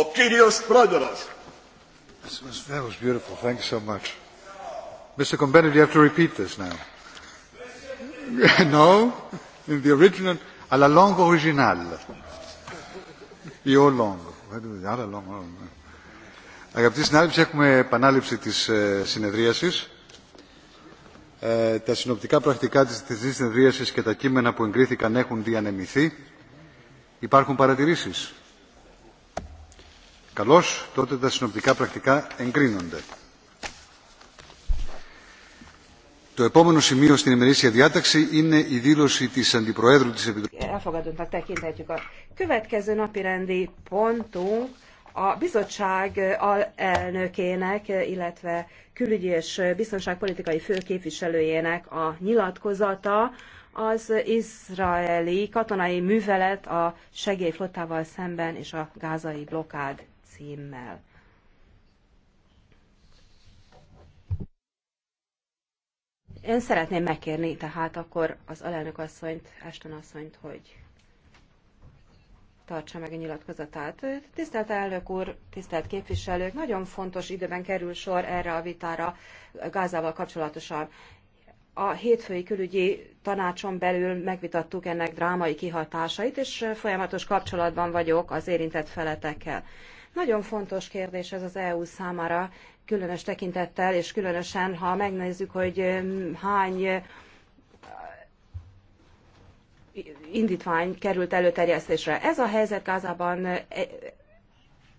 ο κύριος Πρόεδρος. That was beautiful. Thank you so much. Mr. Combenet, you have to repeat this now. no? In the original, a la langue originale. Your langue. Άρα langue. Αγαπητοί συνάδελφοι, έχουμε επανάληψη της συνεδρίασης. Ε, τα συνοπτικά πρακτικά της θεσμής συνεδρίασης και τα κείμενα που εγκρίθηκαν έχουν διανεμηθεί. Υπάρχουν παρατηρήσεις. Καλώς, τότε τα συνοπτικά πρακτικά εγκρίνονται. Το επόμενο σημείο στην ημερήσια διάταξη είναι η δήλωση της Αντιπροέδρου της Επιτροπής. Elfogadottnak tekinthetjük a következő napirendi pontunk a bizottság alelnökének, illetve külügyi és biztonságpolitikai főképviselőjének a nyilatkozata az izraeli katonai művelet a segélyflottával szemben és a gázai blokád címmel. Én szeretném megkérni tehát akkor az alelnök asszonyt, Ashton asszonyt, hogy tartsa meg a nyilatkozatát. Tisztelt elnök úr, tisztelt képviselők, nagyon fontos időben kerül sor erre a vitára Gázával kapcsolatosan. A hétfői külügyi tanácson belül megvitattuk ennek drámai kihatásait, és folyamatos kapcsolatban vagyok az érintett feletekkel. Nagyon fontos kérdés ez az EU számára, különös tekintettel, és különösen, ha megnézzük, hogy hány indítvány került előterjesztésre. Ez a helyzet Gázában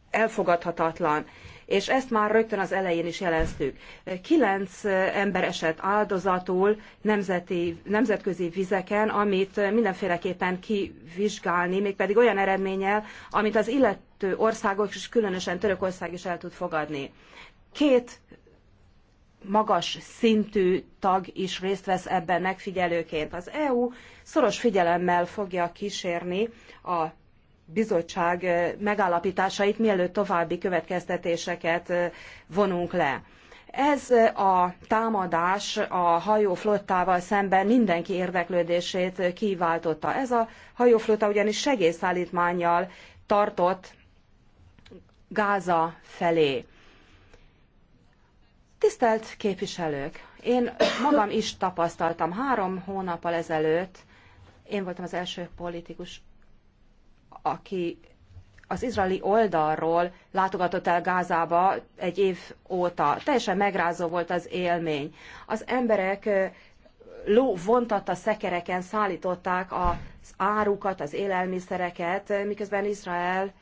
elfogadhatatlan és ezt már rögtön az elején is jeleztük. Kilenc ember esett áldozatul nemzeti, nemzetközi vizeken, amit mindenféleképpen kivizsgálni, mégpedig olyan eredménnyel, amit az illető országok, és különösen Törökország is el tud fogadni. Két magas szintű tag is részt vesz ebben megfigyelőként. Az EU szoros figyelemmel fogja kísérni a bizottság eh, megállapításait, mielőtt további következtetéseket eh, vonunk le. Ez eh, a támadás a hajóflottával szemben mindenki érdeklődését kiváltotta. Ez a hajóflotta ugyanis segélyszállítmánnyal tartott Gáza felé. Tisztelt képviselők! Én magam is tapasztaltam három hónappal ezelőtt, én voltam az első politikus, aki az izraeli oldalról látogatott el Gázába egy év óta. Teljesen megrázó volt az élmény. Az emberek ló vontatta szekereken szállították az árukat, az élelmiszereket, miközben Izrael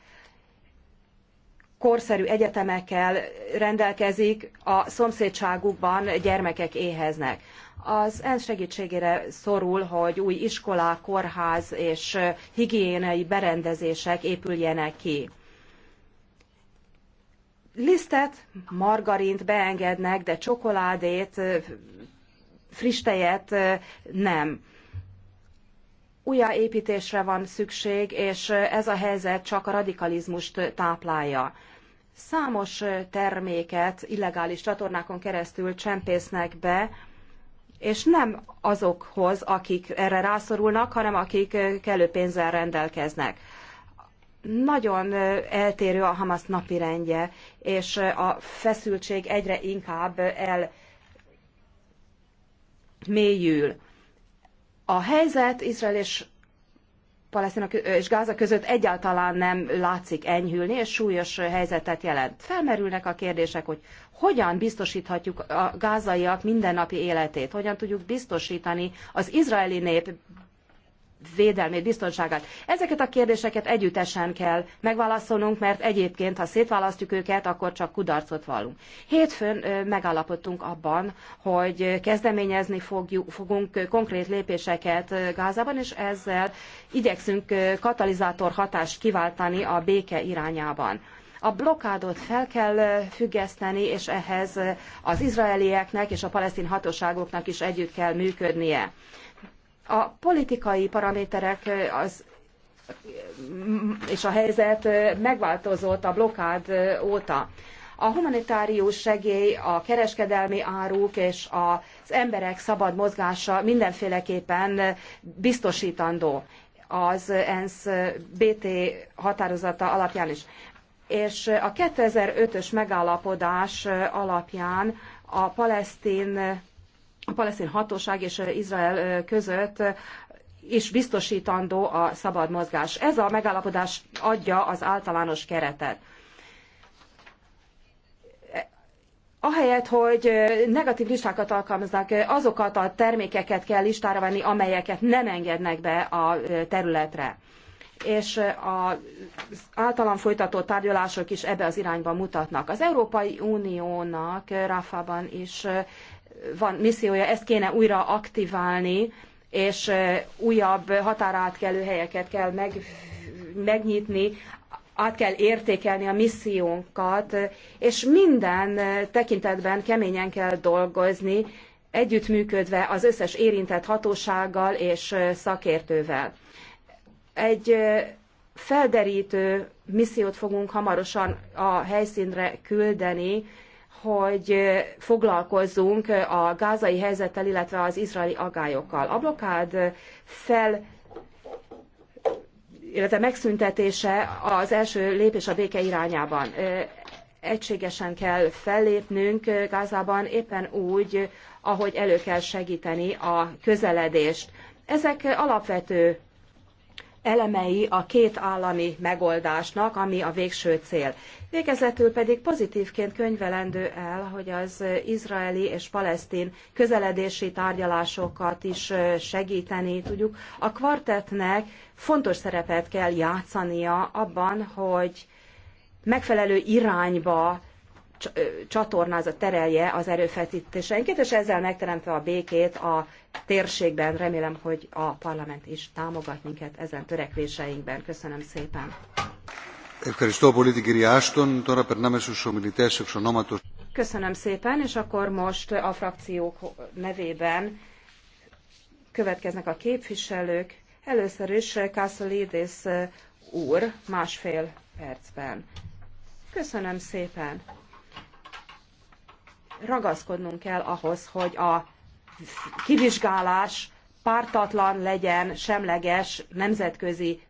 korszerű egyetemekkel rendelkezik, a szomszédságukban gyermekek éheznek az ENSZ segítségére szorul, hogy új iskola, kórház és higiénai berendezések épüljenek ki. Lisztet, margarint beengednek, de csokoládét, friss tejet nem. Újjáépítésre van szükség, és ez a helyzet csak a radikalizmust táplálja számos terméket illegális csatornákon keresztül csempésznek be, és nem azokhoz, akik erre rászorulnak, hanem akik kellő pénzzel rendelkeznek. Nagyon eltérő a Hamas napirendje, és a feszültség egyre inkább elmélyül. A helyzet Izrael és Palesztina és Gáza között egyáltalán nem látszik enyhülni, és súlyos helyzetet jelent. Felmerülnek a kérdések, hogy hogyan biztosíthatjuk a gázaiak mindennapi életét, hogyan tudjuk biztosítani az izraeli nép védelmét, biztonságát. Ezeket a kérdéseket együttesen kell megválaszolnunk, mert egyébként, ha szétválasztjuk őket, akkor csak kudarcot vallunk. Hétfőn megállapodtunk abban, hogy kezdeményezni fogjuk, fogunk konkrét lépéseket Gázában, és ezzel igyekszünk katalizátor hatást kiváltani a béke irányában. A blokádot fel kell függeszteni, és ehhez az izraelieknek és a palesztin hatóságoknak is együtt kell működnie. A politikai paraméterek az, és a helyzet megváltozott a blokád óta. A humanitárius segély, a kereskedelmi áruk és az emberek szabad mozgása mindenféleképpen biztosítandó az ENSZ BT határozata alapján is. És a 2005-ös megállapodás alapján a palesztin a palesztin hatóság és Izrael között és biztosítandó a szabad mozgás. Ez a megállapodás adja az általános keretet. Ahelyett, hogy negatív listákat alkalmaznak, azokat a termékeket kell listára venni, amelyeket nem engednek be a területre és az általam folytatott tárgyalások is ebbe az irányba mutatnak. Az Európai Uniónak Ráfában is van missziója, ezt kéne újra aktiválni, és újabb határátkelő helyeket kell meg, megnyitni, át kell értékelni a missziónkat, és minden tekintetben keményen kell dolgozni, együttműködve az összes érintett hatósággal és szakértővel. Egy felderítő missziót fogunk hamarosan a helyszínre küldeni, hogy foglalkozzunk a gázai helyzettel, illetve az izraeli agályokkal. A blokád fel illetve megszüntetése az első lépés a béke irányában. Egységesen kell fellépnünk Gázában, éppen úgy, ahogy elő kell segíteni a közeledést. Ezek alapvető elemei a két állami megoldásnak, ami a végső cél. Végezetül pedig pozitívként könyvelendő el, hogy az izraeli és palesztin közeledési tárgyalásokat is segíteni tudjuk. A kvartetnek fontos szerepet kell játszania abban, hogy megfelelő irányba csatornázza, terelje az erőfeszítéseinket, és ezzel megteremtve a békét a térségben. Remélem, hogy a parlament is támogat minket ezen törekvéseinkben. Köszönöm szépen. Köszönöm szépen, és akkor most a frakciók nevében következnek a képviselők. Először is Kassolidis úr másfél percben. Köszönöm szépen ragaszkodnunk kell ahhoz, hogy a kivizsgálás pártatlan legyen, semleges, nemzetközi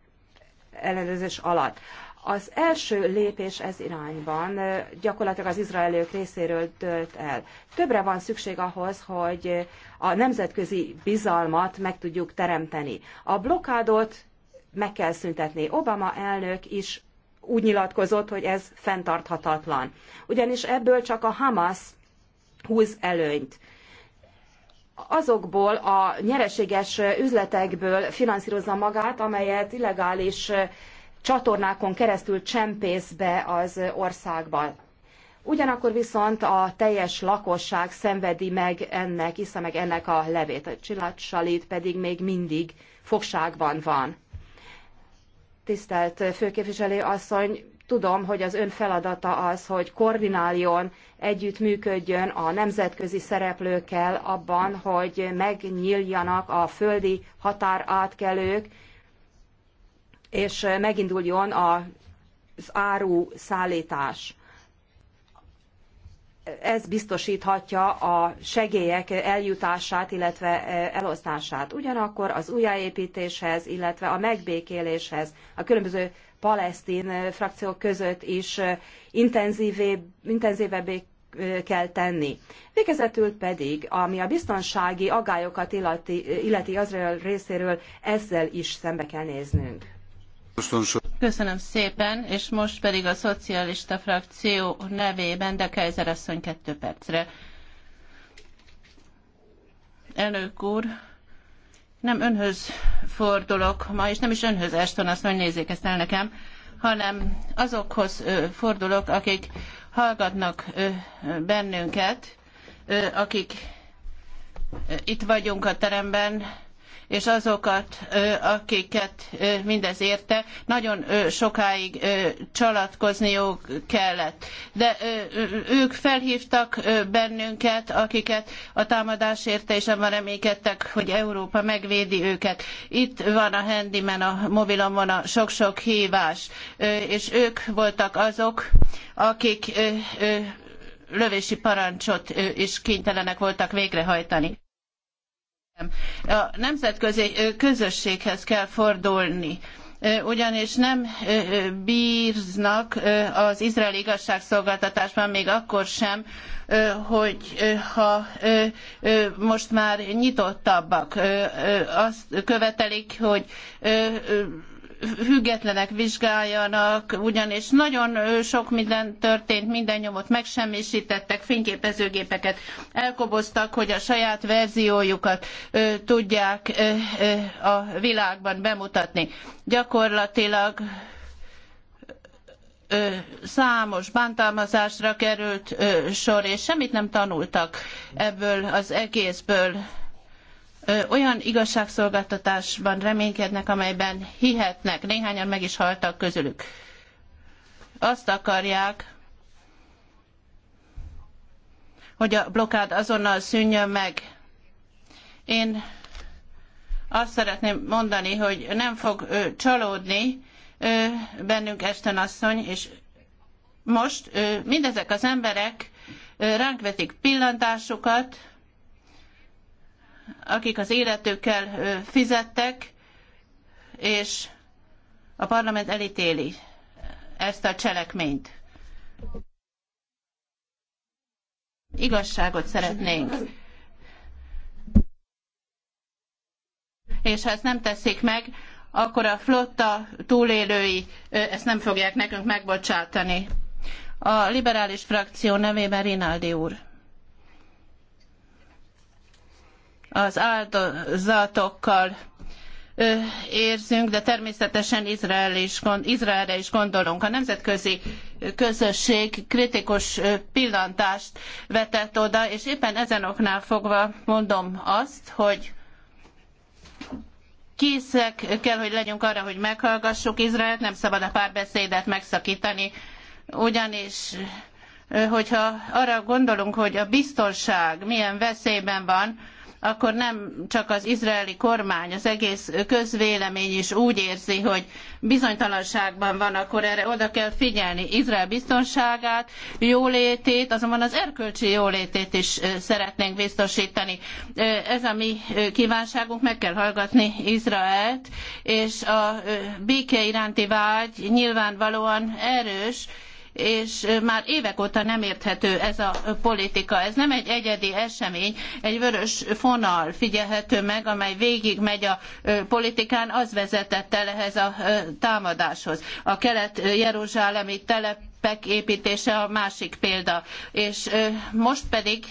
ellenőrzés alatt. Az első lépés ez irányban gyakorlatilag az izraeliek részéről dölt el. Többre van szükség ahhoz, hogy a nemzetközi bizalmat meg tudjuk teremteni. A blokádot meg kell szüntetni. Obama elnök is úgy nyilatkozott, hogy ez fenntarthatatlan. Ugyanis ebből csak a Hamas húz előnyt. Azokból a nyereséges üzletekből finanszírozza magát, amelyet illegális csatornákon keresztül csempész be az országban. Ugyanakkor viszont a teljes lakosság szenvedi meg ennek, iszza meg ennek a levét. A csillagsalit pedig még mindig fogságban van. Tisztelt főképviselő asszony, Tudom, hogy az ön feladata az, hogy koordináljon, együttműködjön a nemzetközi szereplőkkel abban, hogy megnyíljanak a földi határátkelők, és meginduljon az áru szállítás. Ez biztosíthatja a segélyek eljutását, illetve e, elosztását. Ugyanakkor az újjáépítéshez, illetve a megbékéléshez, a különböző palesztin frakció között is intenzívebbé kell tenni. Végezetül pedig, ami a biztonsági agályokat illeti, illeti Izrael részéről, ezzel is szembe kell néznünk. Köszönöm szépen, és most pedig a szocialista frakció nevében de Kaiser asszony kettő percre. Elnök úr, nem önhöz fordulok ma, és nem is önhöz, Eston, azt mondja, nézzék ezt el nekem, hanem azokhoz fordulok, akik hallgatnak bennünket, akik itt vagyunk a teremben, és azokat, akiket mindez érte, nagyon sokáig csalatkozniuk kellett. De ők felhívtak bennünket, akiket a támadás érte, és abban reménykedtek, hogy Európa megvédi őket. Itt van a handyman, a mobilomon a sok-sok hívás, és ők voltak azok, akik lövési parancsot is kénytelenek voltak végrehajtani. A nemzetközi közösséghez kell fordulni ugyanis nem bíznak az izraeli igazságszolgáltatásban még akkor sem, hogy ha most már nyitottabbak, azt követelik, hogy függetlenek vizsgáljanak, ugyanis nagyon sok minden történt, minden nyomot megsemmisítettek, fényképezőgépeket elkoboztak, hogy a saját verziójukat tudják a világban bemutatni. Gyakorlatilag számos bántalmazásra került sor, és semmit nem tanultak ebből az egészből olyan igazságszolgáltatásban reménykednek, amelyben hihetnek. Néhányan meg is haltak közülük. Azt akarják, hogy a blokád azonnal szűnjön meg. Én azt szeretném mondani, hogy nem fog csalódni ö, bennünk Esten asszony, és most ö, mindezek az emberek ö, ránk vetik pillantásukat, akik az életükkel fizettek, és a parlament elítéli ezt a cselekményt. Igazságot szeretnénk. És ha ezt nem teszik meg, akkor a flotta túlélői ezt nem fogják nekünk megbocsátani. A liberális frakció nevében Rinaldi úr. az áldozatokkal érzünk, de természetesen Izrael is, Izraelre is gondolunk. A nemzetközi közösség kritikus pillantást vetett oda, és éppen ezen oknál fogva mondom azt, hogy készek kell, hogy legyünk arra, hogy meghallgassuk Izraelt, nem szabad a párbeszédet megszakítani, ugyanis hogyha arra gondolunk, hogy a biztonság milyen veszélyben van, akkor nem csak az izraeli kormány, az egész közvélemény is úgy érzi, hogy bizonytalanságban van, akkor erre oda kell figyelni. Izrael biztonságát, jólétét, azonban az erkölcsi jólétét is szeretnénk biztosítani. Ez a mi kívánságunk, meg kell hallgatni Izraelt, és a béke iránti vágy nyilvánvalóan erős, és már évek óta nem érthető ez a politika. Ez nem egy egyedi esemény, egy vörös fonal figyelhető meg, amely végig megy a politikán, az vezetett el ehhez a támadáshoz. A kelet-jeruzsálemi telepek építése a másik példa. És most pedig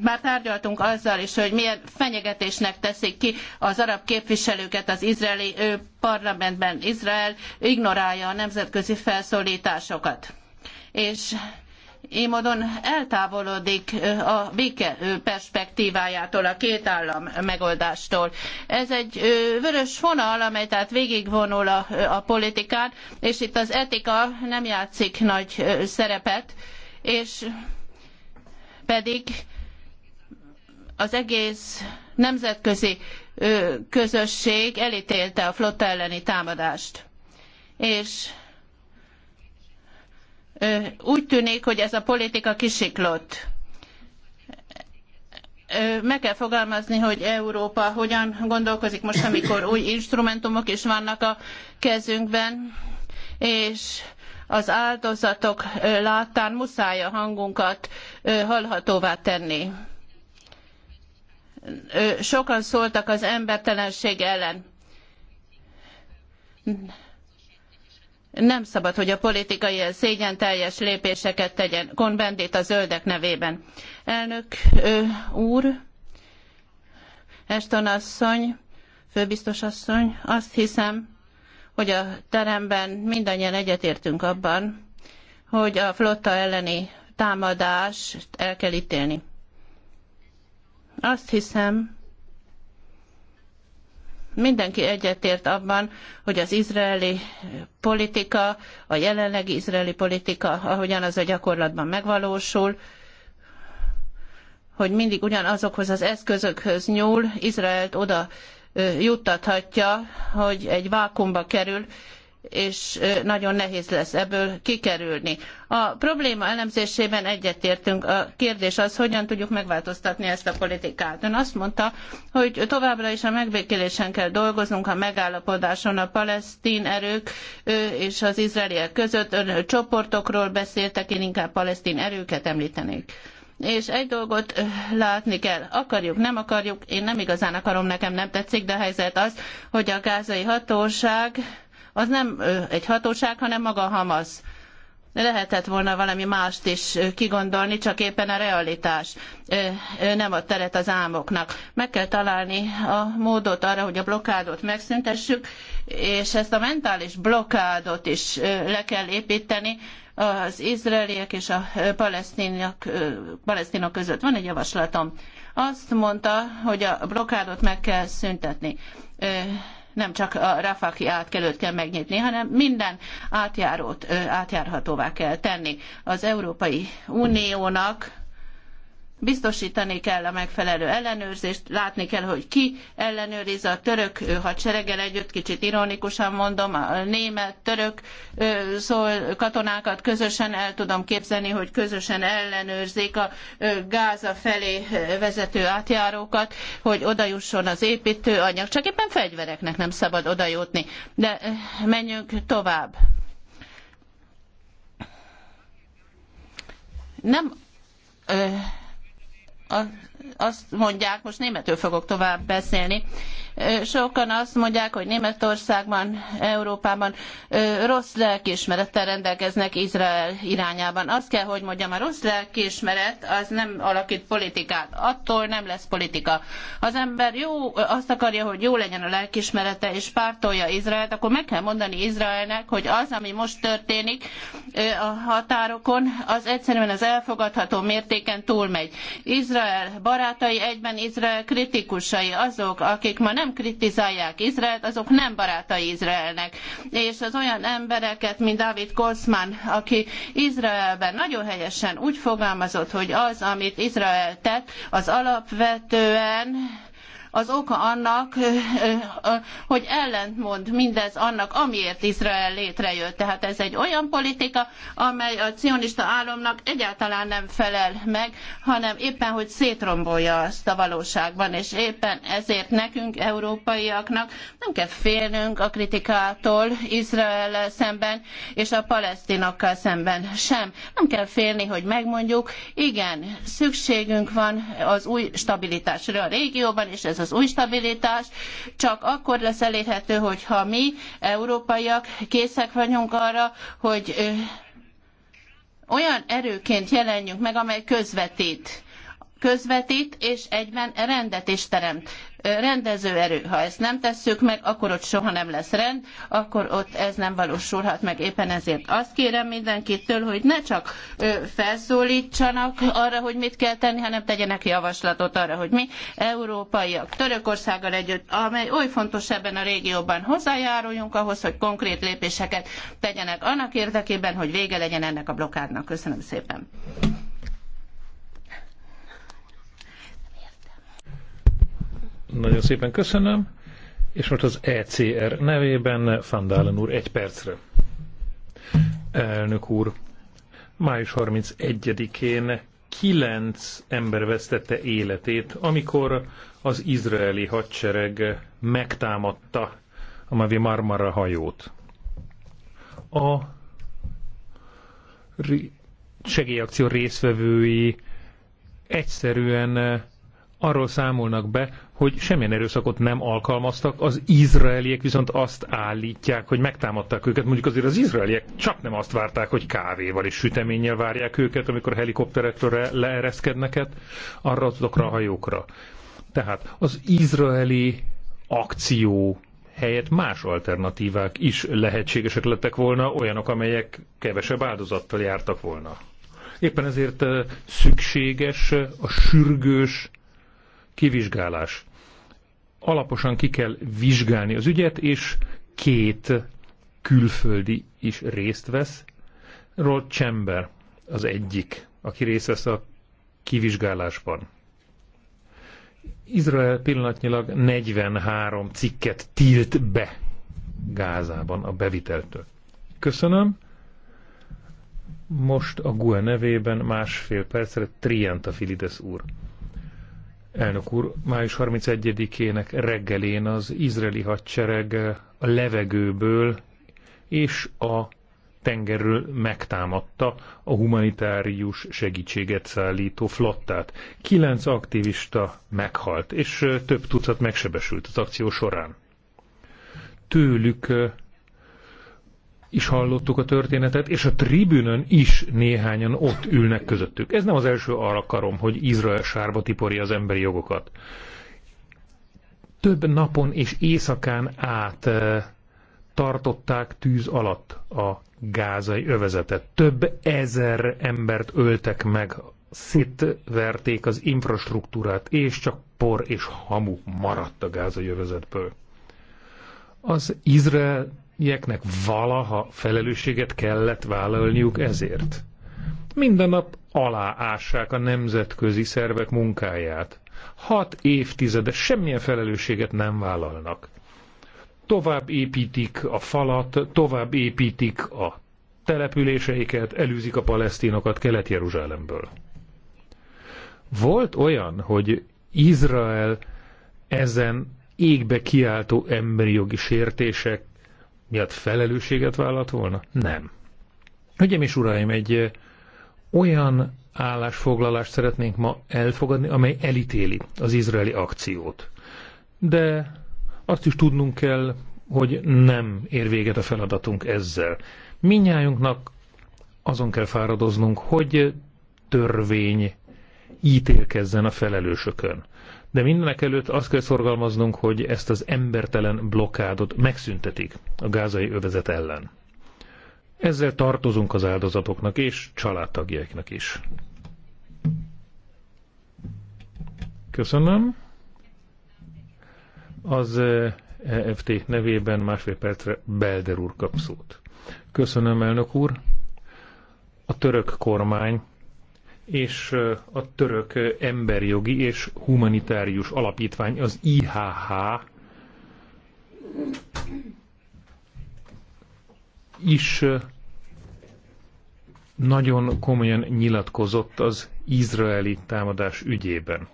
már tárgyaltunk azzal is, hogy milyen fenyegetésnek teszik ki az arab képviselőket az izraeli parlamentben. Izrael ignorálja a nemzetközi felszólításokat. És így módon eltávolodik a béke perspektívájától, a két állam megoldástól. Ez egy vörös vonal, amely tehát végigvonul a, a politikán, és itt az etika nem játszik nagy szerepet, és pedig az egész nemzetközi közösség elítélte a flotta elleni támadást. És úgy tűnik, hogy ez a politika kisiklott. Meg kell fogalmazni, hogy Európa hogyan gondolkozik most, amikor új instrumentumok is vannak a kezünkben, és az áldozatok láttán muszáj a hangunkat hallhatóvá tenni. Sokan szóltak az embertelenség ellen. Nem szabad, hogy a politika ilyen szégyen teljes lépéseket tegyen. konvendit a zöldek nevében. Elnök úr, Eston asszony, főbiztos asszony, azt hiszem, hogy a teremben mindannyian egyetértünk abban, hogy a flotta elleni támadást el kell ítélni. Azt hiszem, mindenki egyetért abban, hogy az izraeli politika, a jelenlegi izraeli politika, ahogyan az a gyakorlatban megvalósul, hogy mindig ugyanazokhoz az eszközökhöz nyúl, Izraelt oda juttathatja, hogy egy vákumba kerül, és nagyon nehéz lesz ebből kikerülni. A probléma elemzésében egyetértünk. A kérdés az, hogyan tudjuk megváltoztatni ezt a politikát. Ön azt mondta, hogy továbbra is a megbékélésen kell dolgoznunk, a megállapodáson a palesztin erők és az izraeliek között. Ön csoportokról beszéltek, én inkább palesztin erőket említenék és egy dolgot eh, látni kell, akarjuk, nem akarjuk, én nem igazán akarom, nekem nem tetszik, de a helyzet az, hogy a gázai hatóság az nem egy hatóság, hanem maga Hamas. Lehetett volna valami mást is kigondolni, csak éppen a realitás nem ad teret az álmoknak. Meg kell találni a módot arra, hogy a blokádot megszüntessük, és ezt a mentális blokádot is le kell építeni, az izraeliek és a palesztinok között. Van egy javaslatom. Azt mondta, hogy a blokádot meg kell szüntetni nem csak a Rafaki átkelőt kell megnyitni, hanem minden átjárót átjárhatóvá kell tenni. Az Európai Uniónak biztosítani kell a megfelelő ellenőrzést, látni kell, hogy ki ellenőriz a török hadsereggel együtt, kicsit ironikusan mondom, a német, török szól, katonákat közösen el tudom képzelni, hogy közösen ellenőrzik a Gáza felé vezető átjárókat, hogy oda jusson az anyag. csak éppen fegyvereknek nem szabad oda jutni. De menjünk tovább. Nem ö, azt mondják, most németül fogok tovább beszélni, Sokan azt mondják, hogy Németországban, Európában rossz lelkiismerettel rendelkeznek Izrael irányában. Azt kell, hogy mondjam, a rossz lelkiismeret az nem alakít politikát. Attól nem lesz politika. Az ember jó, azt akarja, hogy jó legyen a lelkiismerete, és pártolja Izraelt, akkor meg kell mondani Izraelnek, hogy az, ami most történik a határokon, az egyszerűen az elfogadható mértéken túlmegy. Izrael barátai egyben Izrael kritikusai azok, akik ma nem nem kritizálják Izraelt, azok nem barátai Izraelnek. És az olyan embereket, mint David Kosman, aki Izraelben nagyon helyesen úgy fogalmazott, hogy az, amit Izrael tett, az alapvetően az oka annak, hogy ellentmond mindez annak, amiért Izrael létrejött. Tehát ez egy olyan politika, amely a cionista államnak egyáltalán nem felel meg, hanem éppen, hogy szétrombolja azt a valóságban, és éppen ezért nekünk, európaiaknak nem kell félnünk a kritikától Izrael szemben, és a palesztinokkal szemben sem. Nem kell félni, hogy megmondjuk, igen, szükségünk van az új stabilitásra a régióban, és ez ez az új stabilitás csak akkor lesz elérhető, hogyha mi, európaiak, készek vagyunk arra, hogy olyan erőként jelenjünk meg, amely közvetít közvetít, és egyben rendet is teremt. Rendező erő. Ha ezt nem tesszük meg, akkor ott soha nem lesz rend, akkor ott ez nem valósulhat meg. Éppen ezért azt kérem mindenkitől, hogy ne csak felszólítsanak arra, hogy mit kell tenni, hanem tegyenek javaslatot arra, hogy mi európaiak Törökországgal együtt, amely oly fontos ebben a régióban hozzájáruljunk ahhoz, hogy konkrét lépéseket tegyenek annak érdekében, hogy vége legyen ennek a blokádnak. Köszönöm szépen. Nagyon szépen köszönöm. És most az ECR nevében Fandálen úr egy percre. Elnök úr, május 31-én kilenc ember vesztette életét, amikor az izraeli hadsereg megtámadta a Mavi Marmara hajót. A segélyakció részvevői egyszerűen arról számolnak be, hogy semmilyen erőszakot nem alkalmaztak, az izraeliek viszont azt állítják, hogy megtámadták őket. Mondjuk azért az izraeliek csak nem azt várták, hogy kávéval és süteménnyel várják őket, amikor helikopterekről leereszkednek arra azokra a hajókra. Tehát az izraeli akció helyett más alternatívák is lehetségesek lettek volna, olyanok, amelyek kevesebb áldozattal jártak volna. Éppen ezért szükséges a sürgős kivizsgálás alaposan ki kell vizsgálni az ügyet, és két külföldi is részt vesz. Rod Chamber az egyik, aki részt vesz a kivizsgálásban. Izrael pillanatnyilag 43 cikket tilt be Gázában a beviteltől. Köszönöm. Most a GUE nevében másfél percre Trienta Filides úr. Elnök úr, május 31-ének reggelén az izraeli hadsereg a levegőből és a tengerről megtámadta a humanitárius segítséget szállító flottát. Kilenc aktivista meghalt, és több tucat megsebesült az akció során. Tőlük is hallottuk a történetet, és a tribünön is néhányan ott ülnek közöttük. Ez nem az első karom, hogy Izrael sárba tipori az emberi jogokat. Több napon és éjszakán át eh, tartották tűz alatt a gázai övezetet. Több ezer embert öltek meg, szétverték az infrastruktúrát, és csak por és hamu maradt a gázai övezetből. Az Izrael ilyeknek valaha felelősséget kellett vállalniuk ezért. Minden nap aláássák a nemzetközi szervek munkáját. Hat évtizede semmilyen felelősséget nem vállalnak. Tovább építik a falat, tovább építik a településeiket, elűzik a palesztinokat Kelet-Jeruzsálemből. Volt olyan, hogy Izrael ezen égbe kiáltó emberi jogi sértések miatt felelősséget vállalt volna? Nem. Hölgyeim és uraim, egy eh, olyan állásfoglalást szeretnénk ma elfogadni, amely elítéli az izraeli akciót. De azt is tudnunk kell, hogy nem ér véget a feladatunk ezzel. Minnyájunknak azon kell fáradoznunk, hogy törvény ítélkezzen a felelősökön. De mindenek előtt azt kell szorgalmaznunk, hogy ezt az embertelen blokkádot megszüntetik a gázai övezet ellen. Ezzel tartozunk az áldozatoknak és családtagjaiknak is. Köszönöm. Az EFT eh, e nevében másfél percre Belder úr kap szót. Köszönöm, elnök úr. A török kormány és a török emberjogi és humanitárius alapítvány, az IHH is nagyon komolyan nyilatkozott az izraeli támadás ügyében.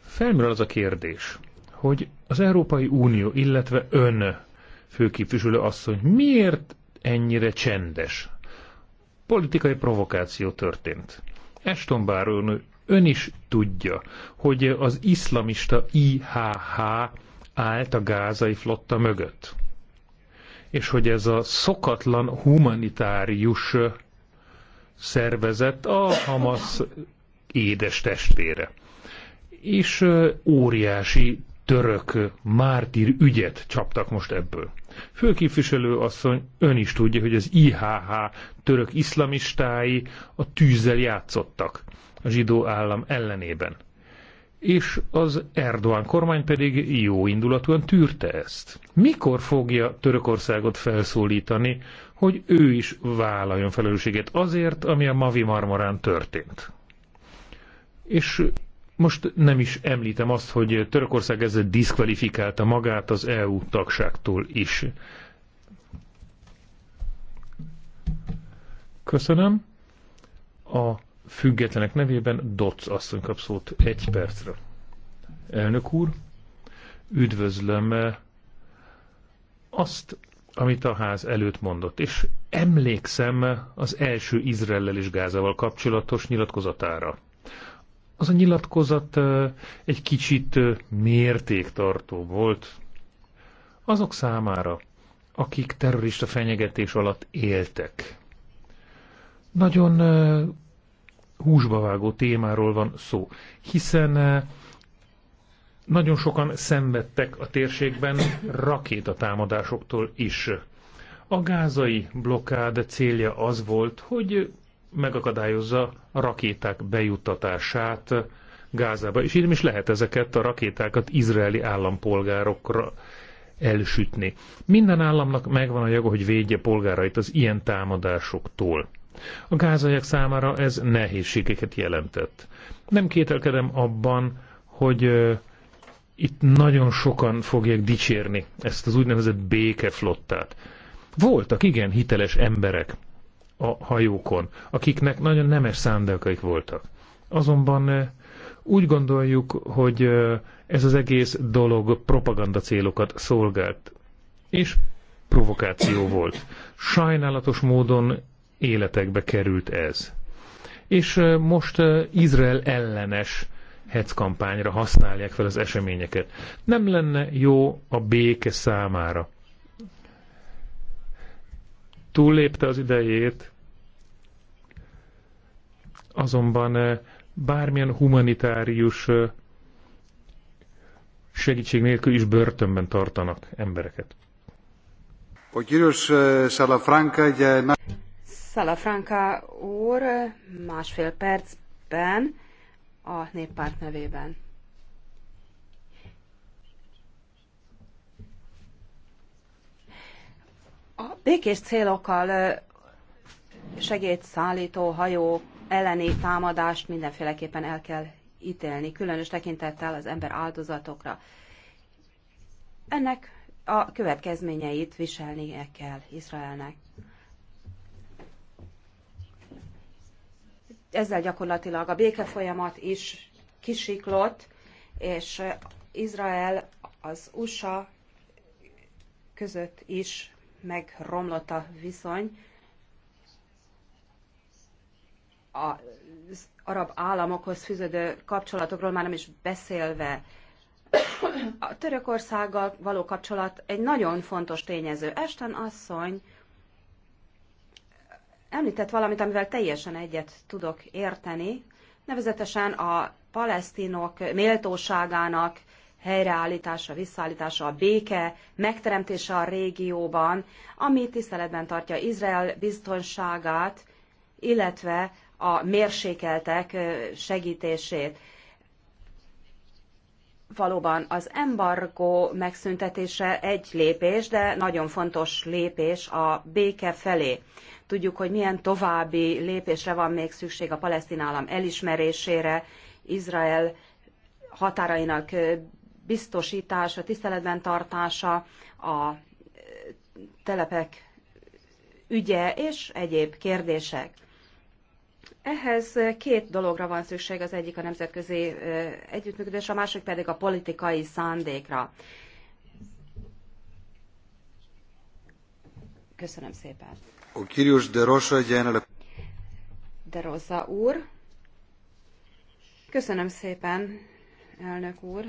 Felmerül az a kérdés, hogy az Európai Unió, illetve ön főképviselő asszony miért ennyire csendes? Politikai provokáció történt. Eston Baron ön is tudja, hogy az iszlamista IHH állt a gázai flotta mögött. És hogy ez a szokatlan humanitárius szervezet a Hamas édes testvére. És óriási török mártír ügyet csaptak most ebből. Főképviselő asszony, ön is tudja, hogy az IHH török iszlamistái a tűzzel játszottak a zsidó állam ellenében. És az Erdoğan kormány pedig jó indulatúan tűrte ezt. Mikor fogja Törökországot felszólítani, hogy ő is vállaljon felelősséget azért, ami a Mavi Marmorán történt? És most nem is említem azt, hogy Törökország ezzel diszkvalifikálta magát az EU tagságtól is. Köszönöm. A függetlenek nevében Doc asszony kap szót egy percre. Elnök úr, üdvözlöm eh, azt, amit a ház előtt mondott, és emlékszem az első izrael és Gázával kapcsolatos nyilatkozatára. Az a nyilatkozat egy kicsit mértéktartó volt azok számára, akik terrorista fenyegetés alatt éltek. Nagyon húsba vágó témáról van szó, hiszen nagyon sokan szenvedtek a térségben rakétatámadásoktól is. A gázai blokád célja az volt, hogy megakadályozza a rakéták bejuttatását Gázába. És így is lehet ezeket a rakétákat izraeli állampolgárokra elsütni. Minden államnak megvan a joga, hogy védje polgárait az ilyen támadásoktól. A gázaiak számára ez nehézségeket jelentett. Nem kételkedem abban, hogy uh, itt nagyon sokan fogják dicsérni ezt az úgynevezett békeflottát. Voltak igen hiteles emberek, a hajókon, akiknek nagyon nemes szándékaik voltak. Azonban eh, úgy gondoljuk, hogy eh, ez az egész dolog propaganda célokat szolgált, és provokáció volt. Sajnálatos módon életekbe került ez. És eh, most Izrael ellenes hetz kampányra használják fel az eseményeket. Nem lenne jó a béke számára. Túllépte az idejét, Azonban eh, bármilyen humanitárius eh, segítség nélkül is börtönben tartanak embereket. Eh, Salafranca, úr másfél percben a néppárt nevében. A békés célokkal segédszállító hajók elleni támadást mindenféleképpen el kell ítélni, különös tekintettel az ember áldozatokra. Ennek a következményeit viselnie kell Izraelnek. Ezzel gyakorlatilag a békefolyamat is kisiklott, és Izrael az USA között is megromlott a viszony az arab államokhoz fűződő kapcsolatokról már nem is beszélve. A Törökországgal való kapcsolat egy nagyon fontos tényező. Esten asszony említett valamit, amivel teljesen egyet tudok érteni, nevezetesen a palesztinok méltóságának helyreállítása, visszaállítása, a béke megteremtése a régióban, ami tiszteletben tartja Izrael biztonságát, illetve a mérsékeltek segítését. Valóban az embargó megszüntetése egy lépés, de nagyon fontos lépés a béke felé. Tudjuk, hogy milyen további lépésre van még szükség a palesztin állam elismerésére, Izrael határainak biztosítása, tiszteletben tartása, a telepek ügye és egyéb kérdések. Ehhez két dologra van szükség, az egyik a nemzetközi együttműködés, a másik pedig a politikai szándékra. Köszönöm szépen. A Kirius de Rosa gyenele... De Rosa úr. Köszönöm szépen, elnök úr.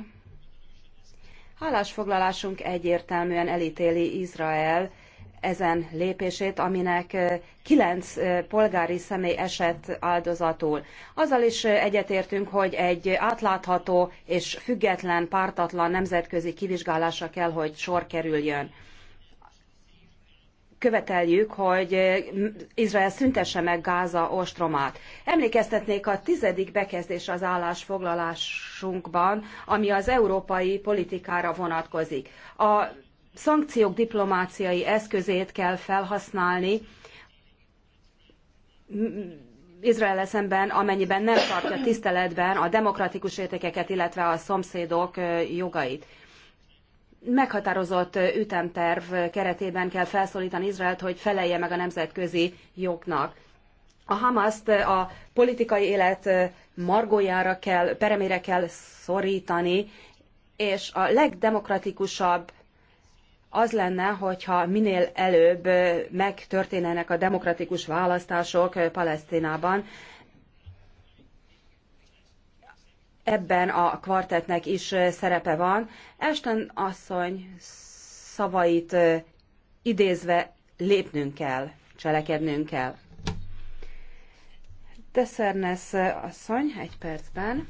Hálásfoglalásunk egyértelműen elítéli Izrael ezen lépését, aminek kilenc polgári személy esett áldozatul. Azzal is egyetértünk, hogy egy átlátható és független, pártatlan nemzetközi kivizsgálásra kell, hogy sor kerüljön követeljük, hogy Izrael szüntesse meg Gáza ostromát. Emlékeztetnék a tizedik bekezdésre az állásfoglalásunkban, ami az európai politikára vonatkozik. A szankciók diplomáciai eszközét kell felhasználni Izrael szemben, amennyiben nem tartja tiszteletben a demokratikus értékeket, illetve a szomszédok jogait meghatározott ütemterv keretében kell felszólítani Izraelt, hogy felelje meg a nemzetközi jognak. A Hamaszt a politikai élet margójára kell, peremére kell szorítani, és a legdemokratikusabb az lenne, hogyha minél előbb megtörténnek a demokratikus választások Palesztinában. Ebben a kvartetnek is szerepe van. Ashton asszony szavait idézve lépnünk kell, cselekednünk kell. Deszernes asszony, egy percben.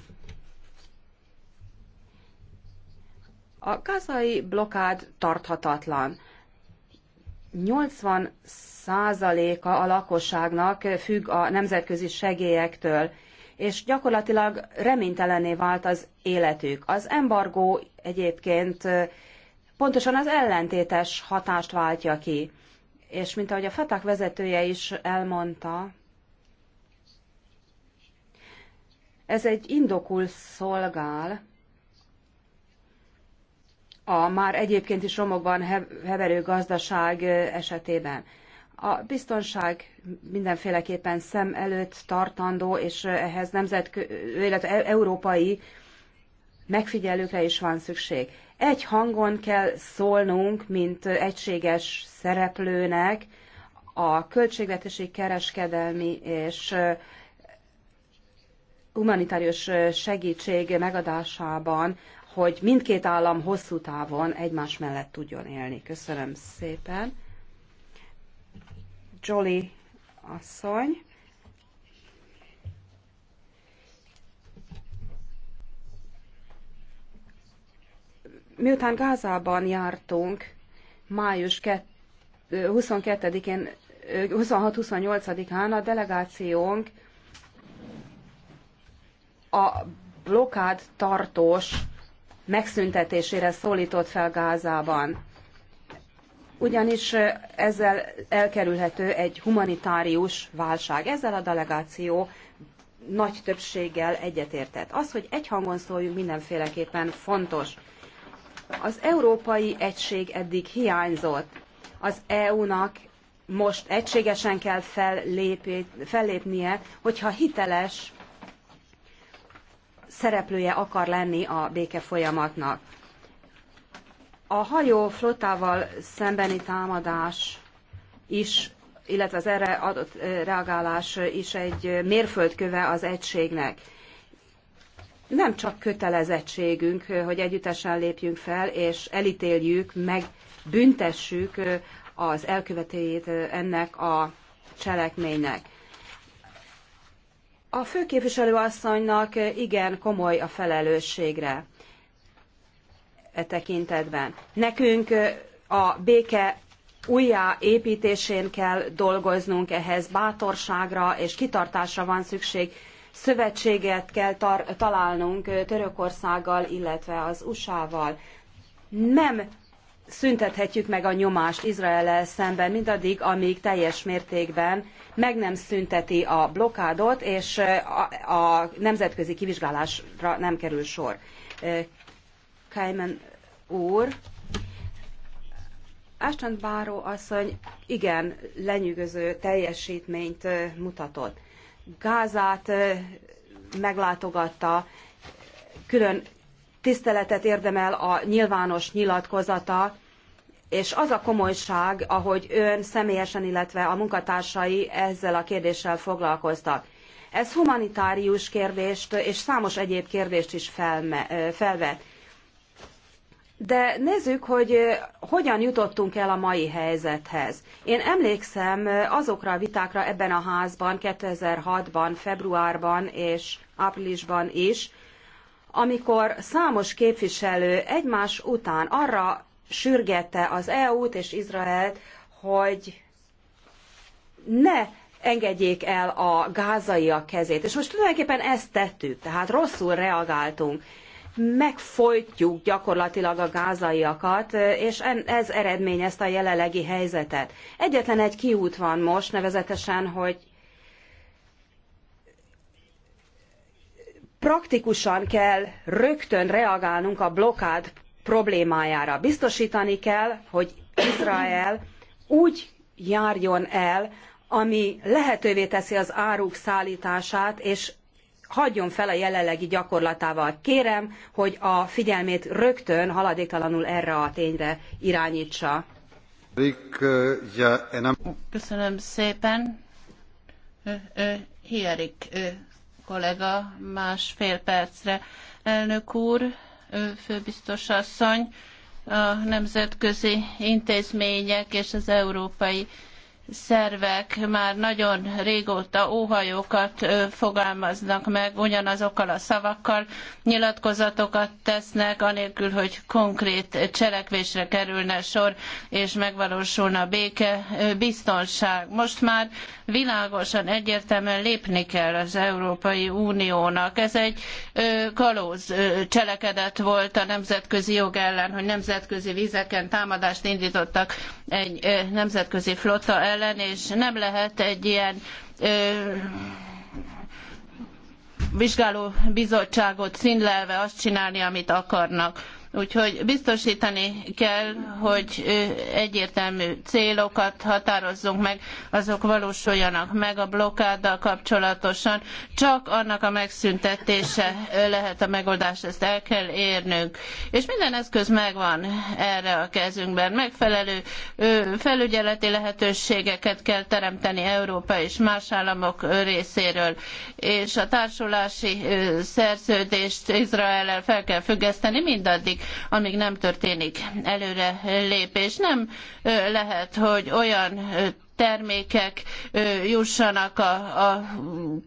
A gazai blokád tarthatatlan. 80 százaléka a lakosságnak függ a nemzetközi segélyektől, és gyakorlatilag reménytelené vált az életük. Az embargó egyébként pontosan az ellentétes hatást váltja ki. És mint ahogy a Fatak vezetője is elmondta, ez egy indokul szolgál, a már egyébként is romokban heverő gazdaság esetében. A biztonság mindenféleképpen szem előtt tartandó, és ehhez nemzet, illetve e-, európai megfigyelőkre is van szükség. Egy hangon kell szólnunk, mint egységes szereplőnek a költségvetési, kereskedelmi és humanitárius segítség megadásában hogy mindkét állam hosszú távon egymás mellett tudjon élni. Köszönöm szépen. Jolly asszony. Miután Gázában jártunk, május 22-én, 26-28-án a delegációnk a blokád tartós megszüntetésére szólított fel Gázában. Ugyanis ezzel elkerülhető egy humanitárius válság. Ezzel a delegáció nagy többséggel egyetértett. Az, hogy egy hangon szóljunk, mindenféleképpen fontos. Az európai egység eddig hiányzott. Az EU-nak most egységesen kell fellépnie, fellépnie, hogyha hiteles szereplője akar lenni a béke folyamatnak. A hajó flottával szembeni támadás is, illetve az erre adott reagálás is egy mérföldköve az egységnek. Nem csak kötelezettségünk, hogy együttesen lépjünk fel, és elítéljük, meg büntessük az elkövetőjét ennek a cselekménynek. A főképviselő asszonynak igen komoly a felelősségre e tekintetben. Nekünk a béke újjáépítésén kell dolgoznunk, ehhez bátorságra és kitartásra van szükség. Szövetséget kell találnunk Törökországgal, illetve az USA-val. Nem szüntethetjük meg a nyomást Izrael szemben mindaddig, amíg teljes mértékben meg nem szünteti a blokádot, és a nemzetközi kivizsgálásra nem kerül sor. Kajmen úr, Ashton Báró asszony igen lenyűgöző teljesítményt mutatott. Gázát meglátogatta, külön tiszteletet érdemel a nyilvános nyilatkozata, és az a komolyság, ahogy ön személyesen, illetve a munkatársai ezzel a kérdéssel foglalkoztak. Ez humanitárius kérdést és számos egyéb kérdést is felme, felvet. De nézzük, hogy hogyan jutottunk el a mai helyzethez. Én emlékszem azokra a vitákra ebben a házban 2006-ban, februárban és áprilisban is, amikor számos képviselő egymás után arra sürgette az EU-t és Izraelt, hogy ne engedjék el a gázaiak kezét. És most tulajdonképpen ezt tettük, tehát rosszul reagáltunk. Megfojtjuk gyakorlatilag a gázaiakat, és ez eredményezte a jelenlegi helyzetet. Egyetlen egy kiút van most, nevezetesen, hogy praktikusan kell rögtön reagálnunk a blokád problémájára. Biztosítani kell, hogy Izrael úgy járjon el, ami lehetővé teszi az áruk szállítását, és hagyjon fel a jelenlegi gyakorlatával. Kérem, hogy a figyelmét rögtön haladéktalanul erre a tényre irányítsa. Köszönöm szépen. Hierik kollega másfél percre. Elnök úr, főbiztos asszony, a nemzetközi intézmények és az Európai szervek már nagyon régóta óhajókat fogalmaznak meg, ugyanazokkal a szavakkal nyilatkozatokat tesznek, anélkül, hogy konkrét cselekvésre kerülne sor, és megvalósulna béke, biztonság. Most már világosan, egyértelműen lépni kell az Európai Uniónak. Ez egy kalóz cselekedet volt a nemzetközi jog ellen, hogy nemzetközi vizeken támadást indítottak egy nemzetközi flotta ellen, ellen, és nem lehet egy ilyen ö, vizsgáló bizottságot színlelve azt csinálni, amit akarnak Úgyhogy biztosítani kell, hogy egyértelmű célokat határozzunk meg, azok valósuljanak meg a blokkáddal kapcsolatosan. Csak annak a megszüntetése lehet a megoldás, ezt el kell érnünk. És minden eszköz megvan erre a kezünkben. Megfelelő felügyeleti lehetőségeket kell teremteni Európa és más államok részéről. És a társulási szerződést Izraellel fel kell függeszteni mindaddig, amíg nem történik előre lépés. Nem lehet, hogy olyan termékek jussanak a, a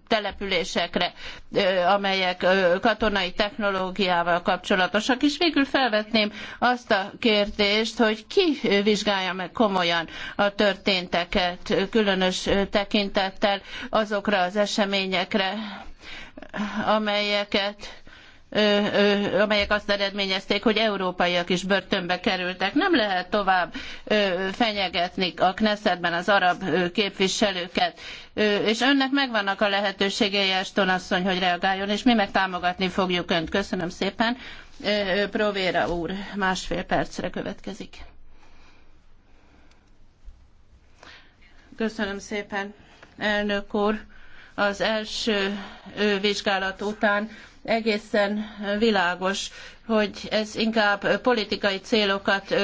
településekre, amelyek katonai technológiával kapcsolatosak. És végül felvetném azt a kérdést, hogy ki vizsgálja meg komolyan a történteket, különös tekintettel azokra az eseményekre, amelyeket amelyek azt eredményezték, hogy európaiak is börtönbe kerültek. Nem lehet tovább fenyegetni a Knessetben az arab képviselőket. És önnek megvannak a lehetőségei, Eston asszony, hogy reagáljon, és mi meg támogatni fogjuk önt. Köszönöm szépen. Provéra úr, másfél percre következik. Köszönöm szépen, elnök úr. Az első vizsgálat után egészen világos, hogy ez inkább politikai célokat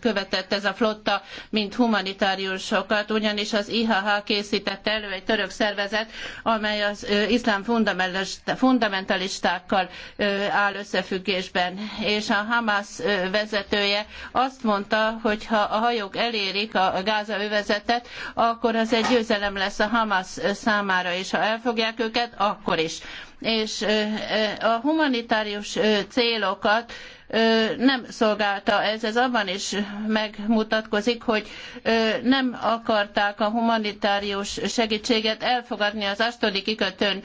követett ez a flotta, mint humanitáriusokat, ugyanis az IHH készített elő egy török szervezet, amely az iszlám fundamentalistákkal áll összefüggésben. És a Hamas vezetője azt mondta, hogy ha a hajók elérik a Gáza övezetet, akkor az egy győzelem lesz a Hamas számára, és ha elfogják őket, akkor is és a humanitárius célokat nem szolgálta ez. Ez abban is megmutatkozik, hogy nem akarták a humanitárius segítséget elfogadni az Astodi kikötőn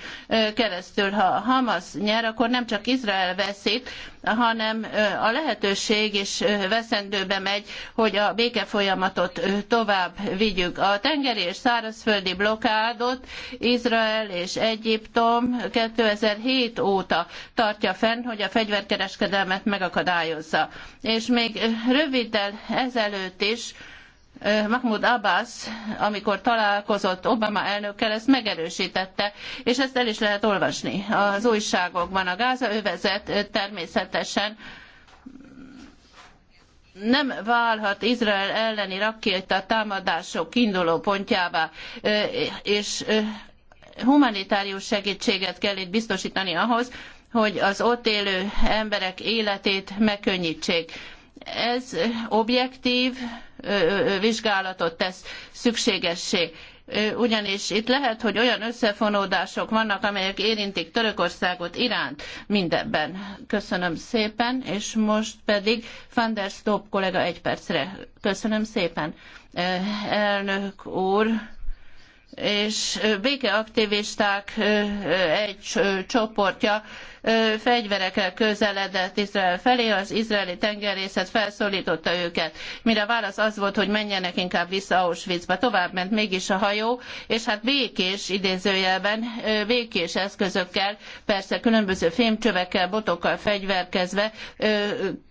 keresztül. Ha Hamas nyer, akkor nem csak Izrael veszít, hanem a lehetőség is veszendőbe megy, hogy a békefolyamatot tovább vigyük. A tengeri és szárazföldi blokádot Izrael és Egyiptom 2007 óta tartja fenn, hogy a fegyverkereskedelmet meg megakadályozza. És még röviddel ezelőtt is Mahmoud Abbas, amikor találkozott Obama elnökkel, ezt megerősítette, és ezt el is lehet olvasni az újságokban. A Gáza övezet természetesen nem válhat Izrael elleni rakéta támadások kiinduló pontjává, és humanitárius segítséget kell itt biztosítani ahhoz, hogy az ott élő emberek életét megkönnyítsék. Ez objektív vizsgálatot tesz szükségessé ugyanis itt lehet, hogy olyan összefonódások vannak, amelyek érintik Törökországot iránt mindebben. Köszönöm szépen, és most pedig Van der Stop kollega egy percre. Köszönöm szépen, elnök úr és békeaktivisták egy csoportja fegyverekkel közeledett Izrael felé, az izraeli tengerészet felszólította őket. Mire a válasz az volt, hogy menjenek inkább vissza Auschwitzba. Tovább ment mégis a hajó, és hát békés idézőjelben, békés eszközökkel, persze különböző fémcsövekkel, botokkal fegyverkezve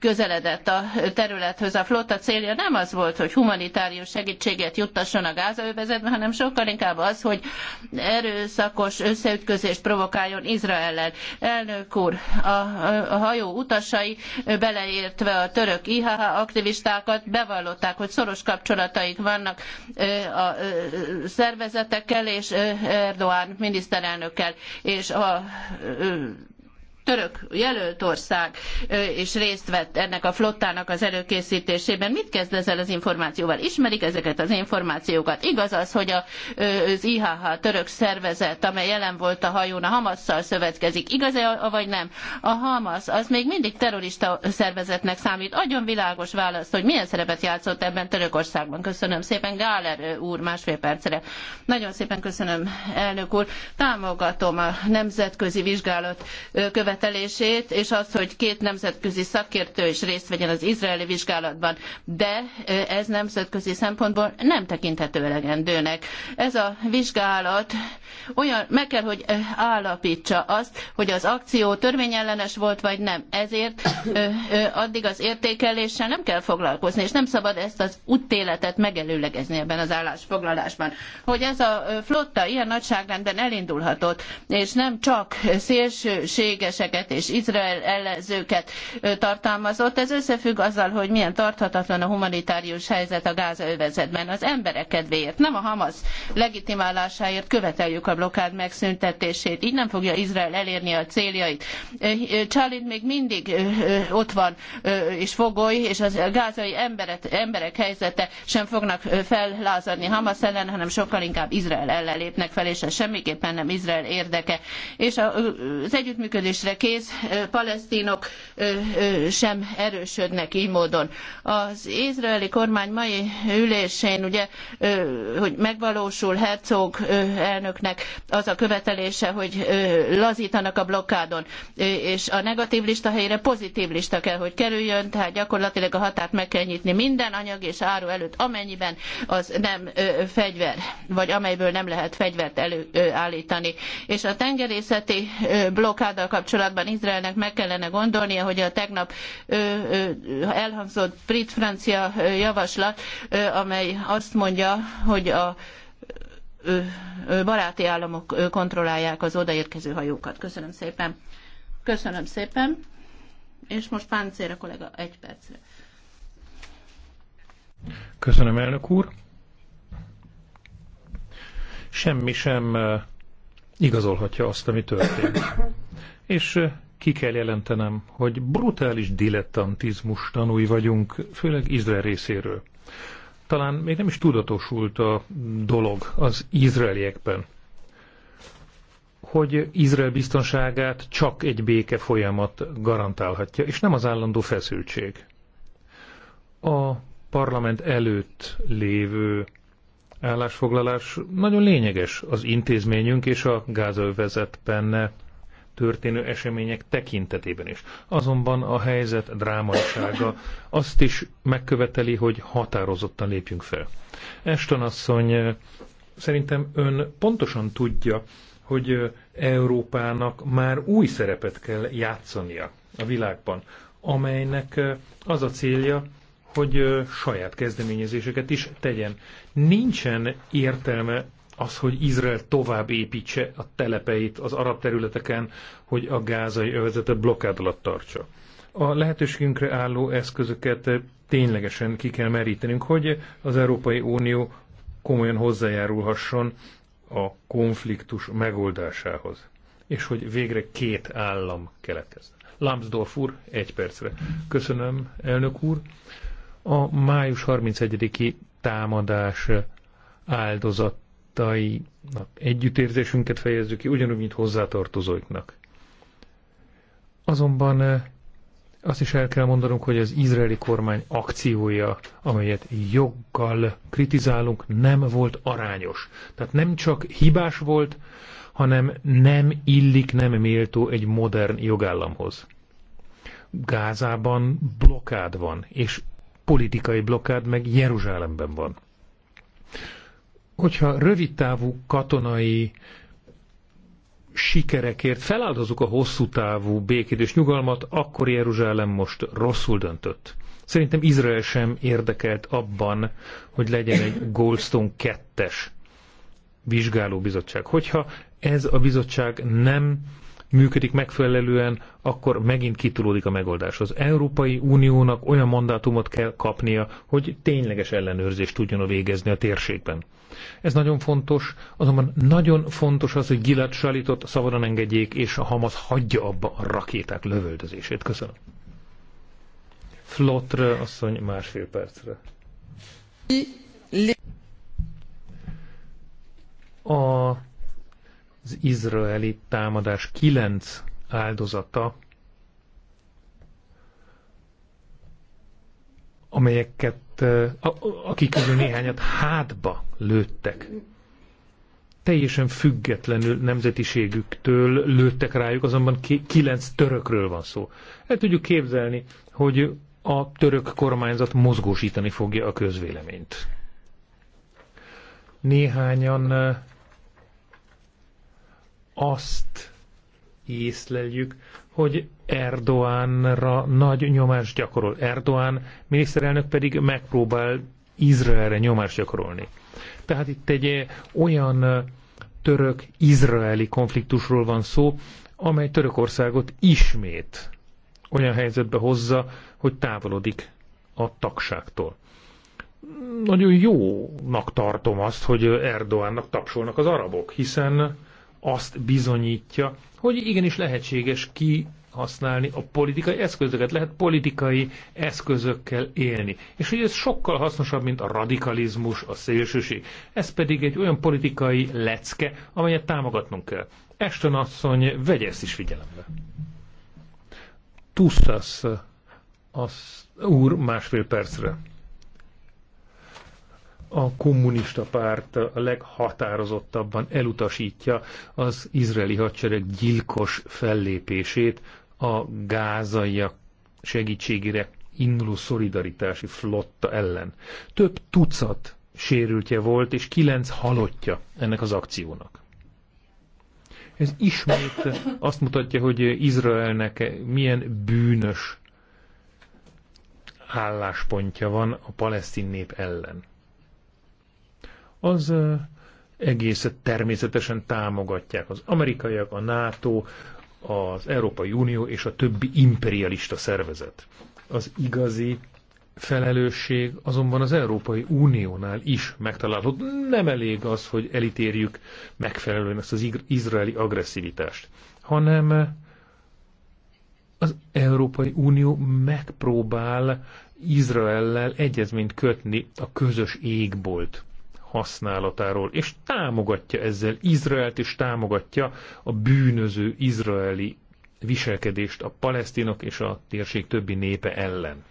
közeledett a területhöz. A flotta célja nem az volt, hogy humanitárius segítséget juttasson a gázaövezetbe, hanem sokkal inkább az, hogy erőszakos összeütközést provokáljon Izraellel. Elnök elnök úr, a, a hajó utasai, beleértve a török IHH aktivistákat, bevallották, hogy szoros kapcsolataik vannak a szervezetekkel és Erdoğan miniszterelnökkel, és a török jelölt ország is részt vett ennek a flottának az előkészítésében. Mit kezd ezzel az információval? Ismerik ezeket az információkat? Igaz az, hogy a, az IHH a török szervezet, amely jelen volt a hajón, a Hamasszal szövetkezik. Igaz-e, vagy nem? A Hamas az még mindig terrorista szervezetnek számít. Adjon világos választ, hogy milyen szerepet játszott ebben Törökországban. Köszönöm szépen. Gáler úr, másfél percre. Nagyon szépen köszönöm, elnök úr. Támogatom a nemzetközi vizsgálat követ követelését, és azt, hogy két nemzetközi szakértő is részt vegyen az izraeli vizsgálatban, de ez nemzetközi szempontból nem tekinthető elegendőnek. Ez a vizsgálat olyan, meg kell, hogy állapítsa azt, hogy az akció törvényellenes volt, vagy nem. Ezért addig az értékeléssel nem kell foglalkozni, és nem szabad ezt az úttéletet megelőlegezni ebben az állásfoglalásban. Hogy ez a flotta ilyen nagyságrendben elindulhatott, és nem csak szélsőséges kérdéseket és Izrael ellenzőket tartalmazott. Ez összefügg azzal, hogy milyen tarthatatlan a humanitárius helyzet a övezetben. Az emberek kedvéért, nem a Hamas legitimálásáért követeljük a blokkád megszüntetését. Így nem fogja Izrael elérni a céljait. Csalid még mindig ott van és fogoly, és a gázai emberek, emberek helyzete sem fognak fellázadni Hamas ellen, hanem sokkal inkább Izrael ellen lépnek fel, és ez semmiképpen nem Izrael érdeke. És az együttműködésre de kész palesztinok sem erősödnek így módon. Az izraeli kormány mai ülésén, ugye, hogy megvalósul Herzog elnöknek az a követelése, hogy lazítanak a blokkádon, és a negatív lista helyére pozitív lista kell, hogy kerüljön, tehát gyakorlatilag a határt meg kell nyitni minden anyag és áru előtt, amennyiben az nem fegyver, vagy amelyből nem lehet fegyvert előállítani. És a tengerészeti blokkáddal kapcsolatban kapcsolatban Izraelnek meg kellene gondolnia, hogy a tegnap elhangzott brit-francia javaslat, amely azt mondja, hogy a baráti államok kontrollálják az odaérkező hajókat. Köszönöm szépen. Köszönöm szépen. És most Páncéra kollega egy percre. Köszönöm, elnök úr. Semmi sem igazolhatja azt, ami történt és ki kell jelentenem, hogy brutális dilettantizmus tanúi vagyunk, főleg Izrael részéről. Talán még nem is tudatosult a dolog az izraeliekben, hogy Izrael biztonságát csak egy béke folyamat garantálhatja, és nem az állandó feszültség. A parlament előtt lévő állásfoglalás nagyon lényeges az intézményünk és a benne történő események tekintetében is. Azonban a helyzet drámaisága azt is megköveteli, hogy határozottan lépjünk fel. Eston asszony, szerintem ön pontosan tudja, hogy Európának már új szerepet kell játszania a világban, amelynek az a célja, hogy saját kezdeményezéseket is tegyen. Nincsen értelme az, hogy Izrael tovább építse a telepeit az arab területeken, hogy a gázai övezetet blokkád alatt tartsa. A lehetőségünkre álló eszközöket ténylegesen ki kell merítenünk, hogy az Európai Unió komolyan hozzájárulhasson a konfliktus megoldásához, és hogy végre két állam keletkezzen. Lambsdorff úr, egy percre. Köszönöm, elnök úr. A május 31-i támadás áldozat barátainak együttérzésünket fejezzük ki, ugyanúgy, mint hozzátartozóiknak. Azonban eh, azt is el kell mondanunk, hogy az izraeli kormány akciója, amelyet joggal kritizálunk, nem volt arányos. Tehát nem csak hibás volt, hanem nem illik, nem méltó egy modern jogállamhoz. Gázában blokád van, és politikai blokád meg Jeruzsálemben van hogyha rövidtávú katonai sikerekért feláldozunk a hosszú távú békét és nyugalmat, akkor Jeruzsálem most rosszul döntött. Szerintem Izrael sem érdekelt abban, hogy legyen egy Goldstone 2-es vizsgálóbizottság. Hogyha ez a bizottság nem működik megfelelően, akkor megint kitulódik a megoldás. Az Európai Uniónak olyan mandátumot kell kapnia, hogy tényleges ellenőrzést tudjon végezni a térségben. Ez nagyon fontos, azonban nagyon fontos az, hogy Gilad Salitot szabadon engedjék, és a Hamas hagyja abba a rakéták lövöldözését. Köszönöm. Flotra, asszony másfél percre. A az izraeli támadás kilenc áldozata, amelyeket, akik közül néhányat hátba lőttek. Teljesen függetlenül nemzetiségüktől lőttek rájuk, azonban kilenc törökről van szó. El tudjuk képzelni, hogy a török kormányzat mozgósítani fogja a közvéleményt. Néhányan azt észleljük, hogy Erdoánra nagy nyomást gyakorol. Erdoán miniszterelnök pedig megpróbál Izraelre nyomást gyakorolni. Tehát itt egy olyan török-izraeli konfliktusról van szó, amely Törökországot ismét olyan helyzetbe hozza, hogy távolodik a tagságtól. Nagyon jónak tartom azt, hogy Erdoánnak tapsolnak az arabok, hiszen azt bizonyítja, hogy igenis lehetséges kihasználni a politikai eszközöket, lehet politikai eszközökkel élni. És hogy ez sokkal hasznosabb, mint a radikalizmus, a szélsőség. Ez pedig egy olyan politikai lecke, amelyet támogatnunk kell. Eston asszony, vegye ezt is figyelembe. Tussas az úr másfél percre a kommunista párt a leghatározottabban elutasítja az izraeli hadsereg gyilkos fellépését a gázaiak segítségére induló szolidaritási flotta ellen. Több tucat sérültje volt, és kilenc halottja ennek az akciónak. Ez ismét azt mutatja, hogy Izraelnek milyen bűnös álláspontja van a palesztin nép ellen az egészet természetesen támogatják az amerikaiak, a NATO, az Európai Unió és a többi imperialista szervezet. Az igazi felelősség azonban az Európai Uniónál is megtalálható. Nem elég az, hogy elítérjük megfelelően ezt az izraeli agresszivitást, hanem az Európai Unió megpróbál Izraellel egyezményt kötni a közös égbolt használatáról, és támogatja ezzel Izraelt, és támogatja a bűnöző izraeli viselkedést a palesztinok és a térség többi népe ellen.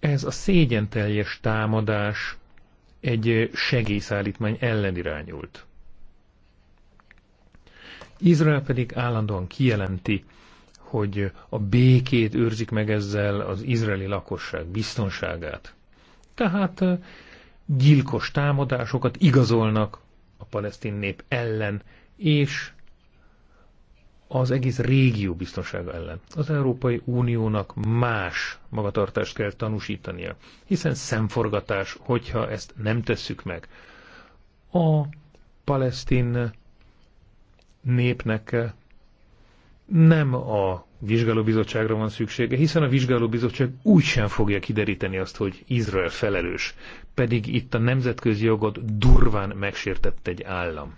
Ez a szégyenteljes támadás egy segélyszállítmány ellen irányult. Izrael pedig állandóan kijelenti, hogy a békét őrzik meg ezzel az izraeli lakosság biztonságát. Tehát gyilkos támadásokat igazolnak a palesztin nép ellen, és az egész régió biztonsága ellen. Az Európai Uniónak más magatartást kell tanúsítania, hiszen szemforgatás, hogyha ezt nem tesszük meg. A palesztin népnek nem a vizsgálóbizottságra van szüksége, hiszen a vizsgálóbizottság úgysem fogja kideríteni azt, hogy Izrael felelős, pedig itt a nemzetközi jogot durván megsértett egy állam.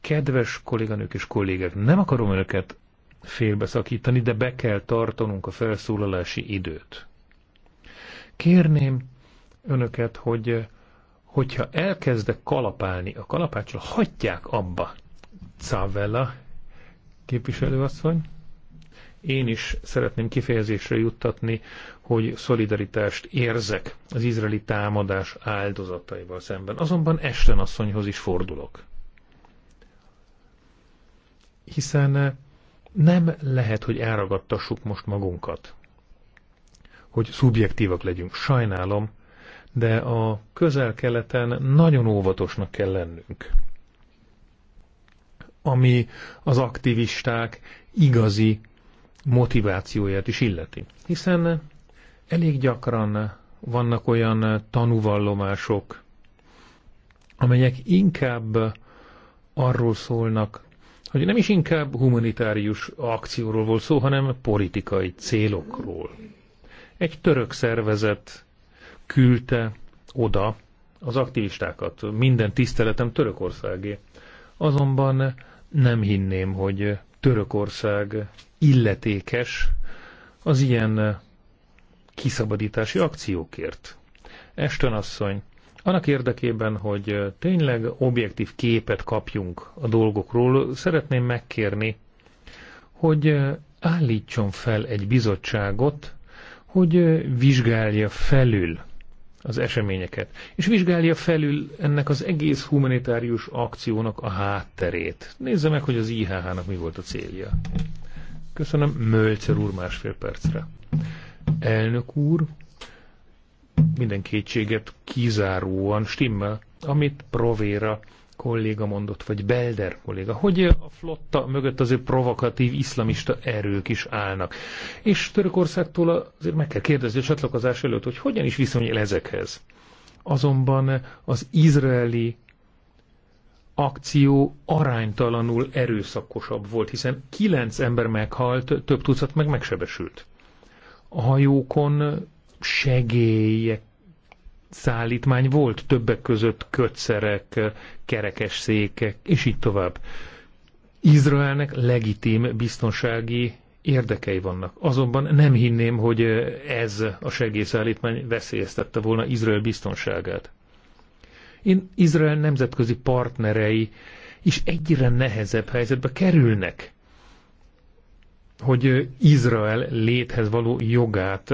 Kedves kolléganők és kollégák, nem akarom önöket félbeszakítani, de be kell tartanunk a felszólalási időt. Kérném önöket, hogy hogyha elkezdek kalapálni a kalapáccsal, hagyják abba. Cavella képviselőasszony. Én is szeretném kifejezésre juttatni, hogy szolidaritást érzek az izraeli támadás áldozataival szemben. Azonban Esten asszonyhoz is fordulok. Hiszen eh, nem lehet, hogy elragadtassuk most magunkat, hogy szubjektívak legyünk. Sajnálom, de a közel-keleten nagyon óvatosnak kell lennünk. Ami az aktivisták igazi motivációját is illeti. Hiszen elég gyakran vannak olyan tanúvallomások, amelyek inkább arról szólnak, hogy nem is inkább humanitárius akcióról volt szó, hanem politikai célokról. Egy török szervezet küldte oda az aktivistákat. Minden tiszteletem Törökországé. Azonban nem hinném, hogy Törökország illetékes az ilyen kiszabadítási akciókért. Esten asszony, annak érdekében, hogy tényleg objektív képet kapjunk a dolgokról, szeretném megkérni, hogy állítson fel egy bizottságot, hogy vizsgálja felül az eseményeket, és vizsgálja felül ennek az egész humanitárius akciónak a hátterét. Nézze meg, hogy az IHH-nak mi volt a célja. Köszönöm, Mölcer úr másfél percre. Elnök úr, minden kétséget kizáróan stimmel, amit Provéra kolléga mondott, vagy Belder kolléga, hogy a flotta mögött azért provokatív iszlamista erők is állnak. És Törökországtól azért meg kell kérdezni a csatlakozás előtt, hogy hogyan is viszonyul ezekhez. Azonban az izraeli akció aránytalanul erőszakosabb volt, hiszen kilenc ember meghalt, több tucat meg megsebesült. A hajókon segélyek szállítmány volt, többek között kötszerek, kerekesszékek, és így tovább. Izraelnek legitim biztonsági érdekei vannak. Azonban nem hinném, hogy ez a segélyszállítmány veszélyeztette volna Izrael biztonságát. Én Izrael nemzetközi partnerei is egyre nehezebb helyzetbe kerülnek, hogy Izrael léthez való jogát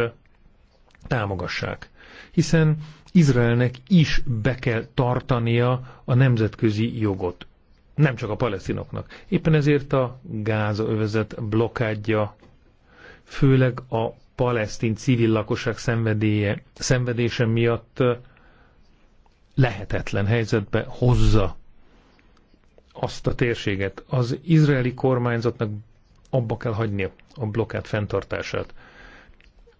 támogassák. Hiszen Izraelnek is be kell tartania a nemzetközi jogot. Nem csak a palesztinoknak. Éppen ezért a Gáza övezet blokádja, főleg a palesztin civil lakosság szenvedélye, szenvedése miatt lehetetlen helyzetbe hozza azt a térséget. Az izraeli kormányzatnak abba kell hagynia a blokkát fenntartását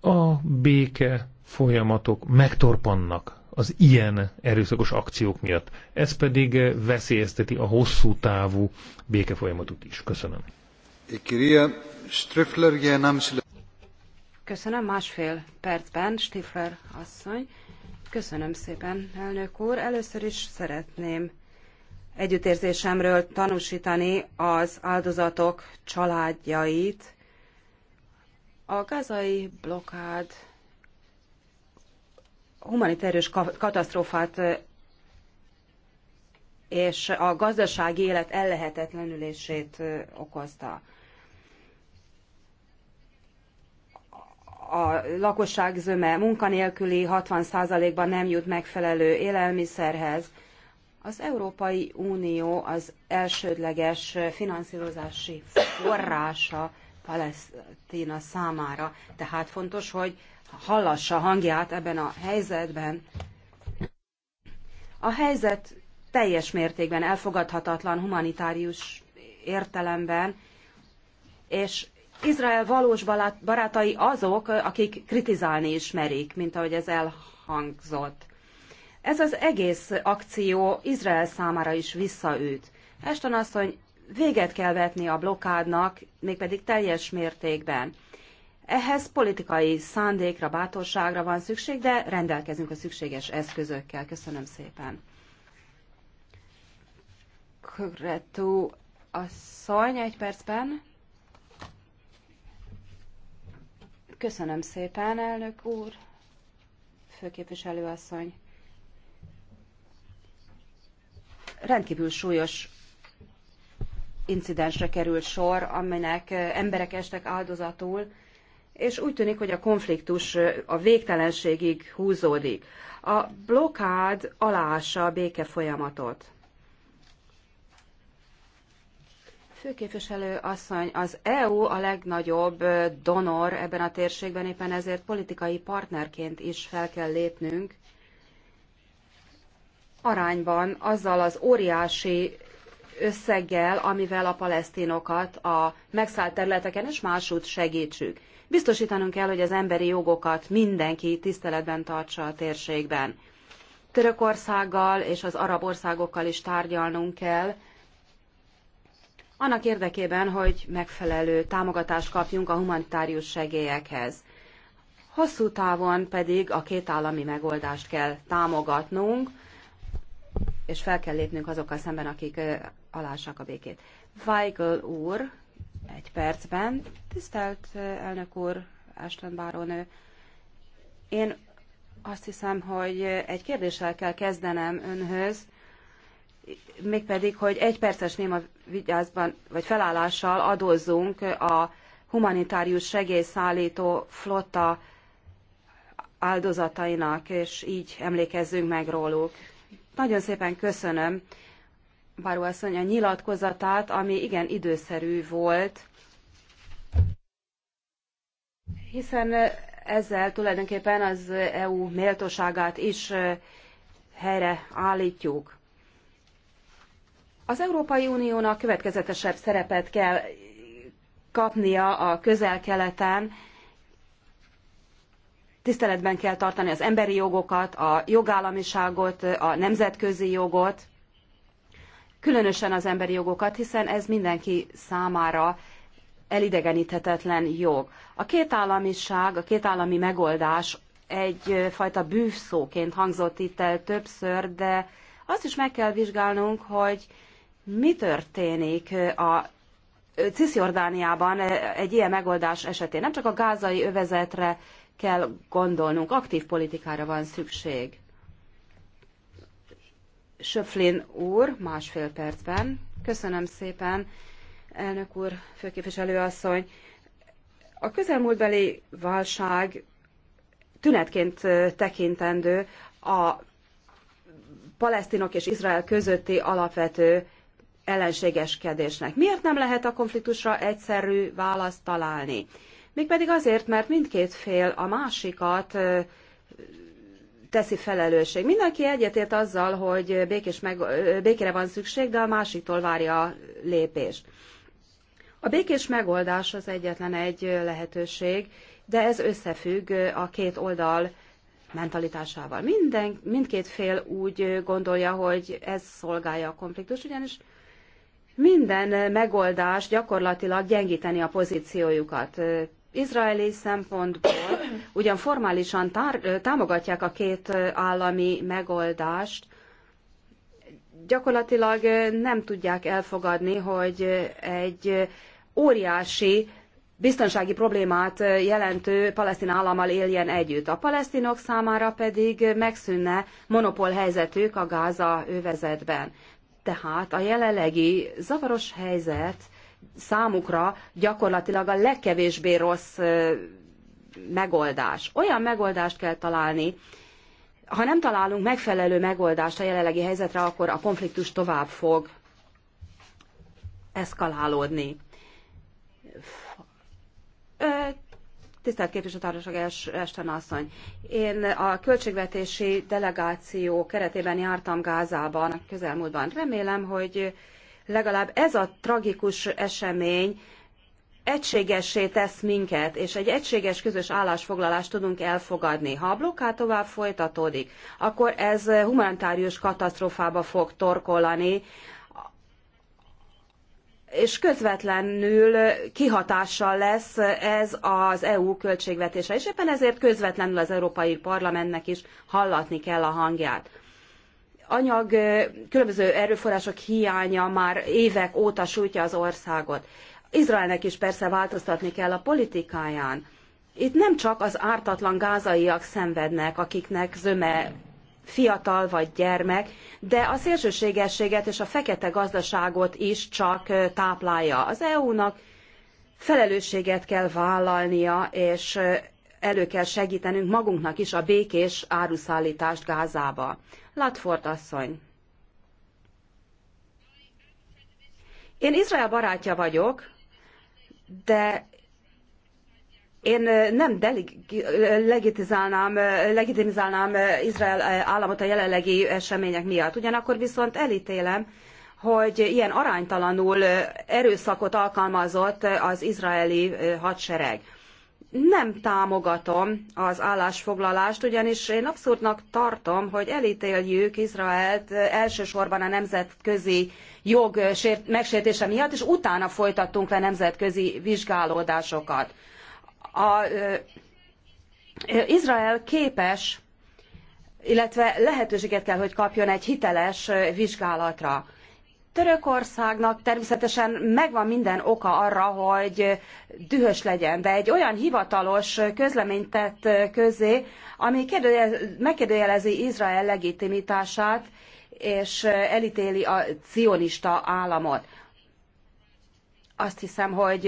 a béke folyamatok megtorpannak az ilyen erőszakos akciók miatt. Ez pedig veszélyezteti a hosszú távú béke folyamatot is. Köszönöm. Köszönöm, másfél percben, Stifler asszony. Köszönöm szépen, elnök úr. Először is szeretném együttérzésemről tanúsítani az áldozatok családjait, a gazai blokád humanitárius katasztrófát és a gazdasági élet ellehetetlenülését okozta. A lakosság zöme munkanélküli 60%-ban nem jut megfelelő élelmiszerhez. Az Európai Unió az elsődleges finanszírozási forrása Palesztina számára. Tehát fontos, hogy hallassa hangját ebben a helyzetben. A helyzet teljes mértékben elfogadhatatlan humanitárius értelemben, és Izrael valós barátai azok, akik kritizálni ismerik, mint ahogy ez elhangzott. Ez az egész akció Izrael számára is visszaüt. Eston asszony véget kell vetni a blokádnak, mégpedig teljes mértékben. Ehhez politikai szándékra, bátorságra van szükség, de rendelkezünk a szükséges eszközökkel. Köszönöm szépen. Kretú asszony, egy percben. Köszönöm szépen, elnök úr, főképviselő asszony. Rendkívül súlyos incidensre került sor, aminek emberek estek áldozatul, és úgy tűnik, hogy a konfliktus a végtelenségig húzódik. A blokád aláássa a béke folyamatot. Főképviselő asszony, az EU a legnagyobb donor ebben a térségben, éppen ezért politikai partnerként is fel kell lépnünk arányban azzal az óriási összeggel, amivel a palesztinokat a megszállt területeken és másút segítsük. Biztosítanunk kell, hogy az emberi jogokat mindenki tiszteletben tartsa a térségben. Törökországgal és az arab országokkal is tárgyalnunk kell, annak érdekében, hogy megfelelő támogatást kapjunk a humanitárius segélyekhez. Hosszú távon pedig a kétállami megoldást kell támogatnunk, és fel kell lépnünk azokkal szemben, akik alássák a békét. Weigel úr, egy percben, tisztelt elnök úr, Ashton Báronő, én azt hiszem, hogy egy kérdéssel kell kezdenem önhöz, mégpedig, hogy egy perces néma vigyázban, vagy felállással adózzunk a humanitárius segélyszállító flotta áldozatainak, és így emlékezzünk meg róluk. Nagyon szépen köszönöm Báró asszony a nyilatkozatát, ami igen időszerű volt, hiszen ezzel tulajdonképpen az EU méltóságát is helyre állítjuk. Az Európai Uniónak következetesebb szerepet kell kapnia a közel-keleten, tiszteletben kell tartani az emberi jogokat, a jogállamiságot, a nemzetközi jogot, különösen az emberi jogokat, hiszen ez mindenki számára elidegeníthetetlen jog. A kétállamiság, a kétállami megoldás egyfajta bűvszóként hangzott itt el többször, de azt is meg kell vizsgálnunk, hogy mi történik a Cisjordániában egy ilyen megoldás esetén. Nem csak a gázai övezetre kell gondolnunk, aktív politikára van szükség. Söflin úr, másfél percben. Köszönöm szépen, elnök úr, főképviselőasszony. A közelmúltbeli válság tünetként tekintendő a palesztinok és Izrael közötti alapvető ellenségeskedésnek. Miért nem lehet a konfliktusra egyszerű választ találni? Mégpedig azért, mert mindkét fél a másikat teszi felelősség. Mindenki egyetért azzal, hogy békés meg, békére van szükség, de a másiktól várja a lépést. A békés megoldás az egyetlen egy lehetőség, de ez összefügg a két oldal mentalitásával. Minden, mindkét fél úgy gondolja, hogy ez szolgálja a konfliktus, ugyanis minden megoldás gyakorlatilag gyengíteni a pozíciójukat izraeli szempontból ugyan formálisan tár, támogatják a két állami megoldást, gyakorlatilag nem tudják elfogadni, hogy egy óriási biztonsági problémát jelentő palesztin állammal éljen együtt. A palesztinok számára pedig megszűnne monopól helyzetük a Gáza övezetben. Tehát a jelenlegi zavaros helyzet számukra gyakorlatilag a legkevésbé rossz megoldás. Olyan megoldást kell találni, ha nem találunk megfelelő megoldást a jelenlegi helyzetre, akkor a konfliktus tovább fog eszkalálódni. Tisztelt képviselőtársaság, Esten asszony! Én a költségvetési delegáció keretében jártam Gázában közelmúltban. Remélem, hogy legalább ez a tragikus esemény egységessé tesz minket, és egy egységes közös állásfoglalást tudunk elfogadni. Ha a blokkád tovább folytatódik, akkor ez humanitárius katasztrófába fog torkolani, és közvetlenül kihatással lesz ez az EU költségvetése, és éppen ezért közvetlenül az Európai Parlamentnek is hallatni kell a hangját anyag, különböző erőforrások hiánya már évek óta sújtja az országot. Izraelnek is persze változtatni kell a politikáján. Itt nem csak az ártatlan gázaiak szenvednek, akiknek zöme fiatal vagy gyermek, de a szélsőségességet és a fekete gazdaságot is csak táplálja. Az EU-nak felelősséget kell vállalnia, és elő kell segítenünk magunknak is a békés áruszállítást Gázába. Latford asszony. Én Izrael barátja vagyok, de én eh, nem eh, eh, legitimizálnám, legitimizálnám Izrael államot a jelenlegi események miatt. Ugyanakkor viszont elítélem, hogy ilyen aránytalanul erőszakot alkalmazott az izraeli hadsereg nem támogatom az állásfoglalást, ugyanis én abszurdnak tartom, hogy elítéljük Izraelt elsősorban a nemzetközi jog megsértése miatt, és utána folytattunk le nemzetközi vizsgálódásokat. A, Izrael képes, illetve lehetőséget kell, hogy kapjon egy hiteles vizsgálatra. Törökországnak természetesen megvan minden oka arra, hogy dühös legyen, de egy olyan hivatalos közleményt tett közé, ami megkérdőjelezi Izrael legitimitását, és elítéli a cionista államot. Azt hiszem, hogy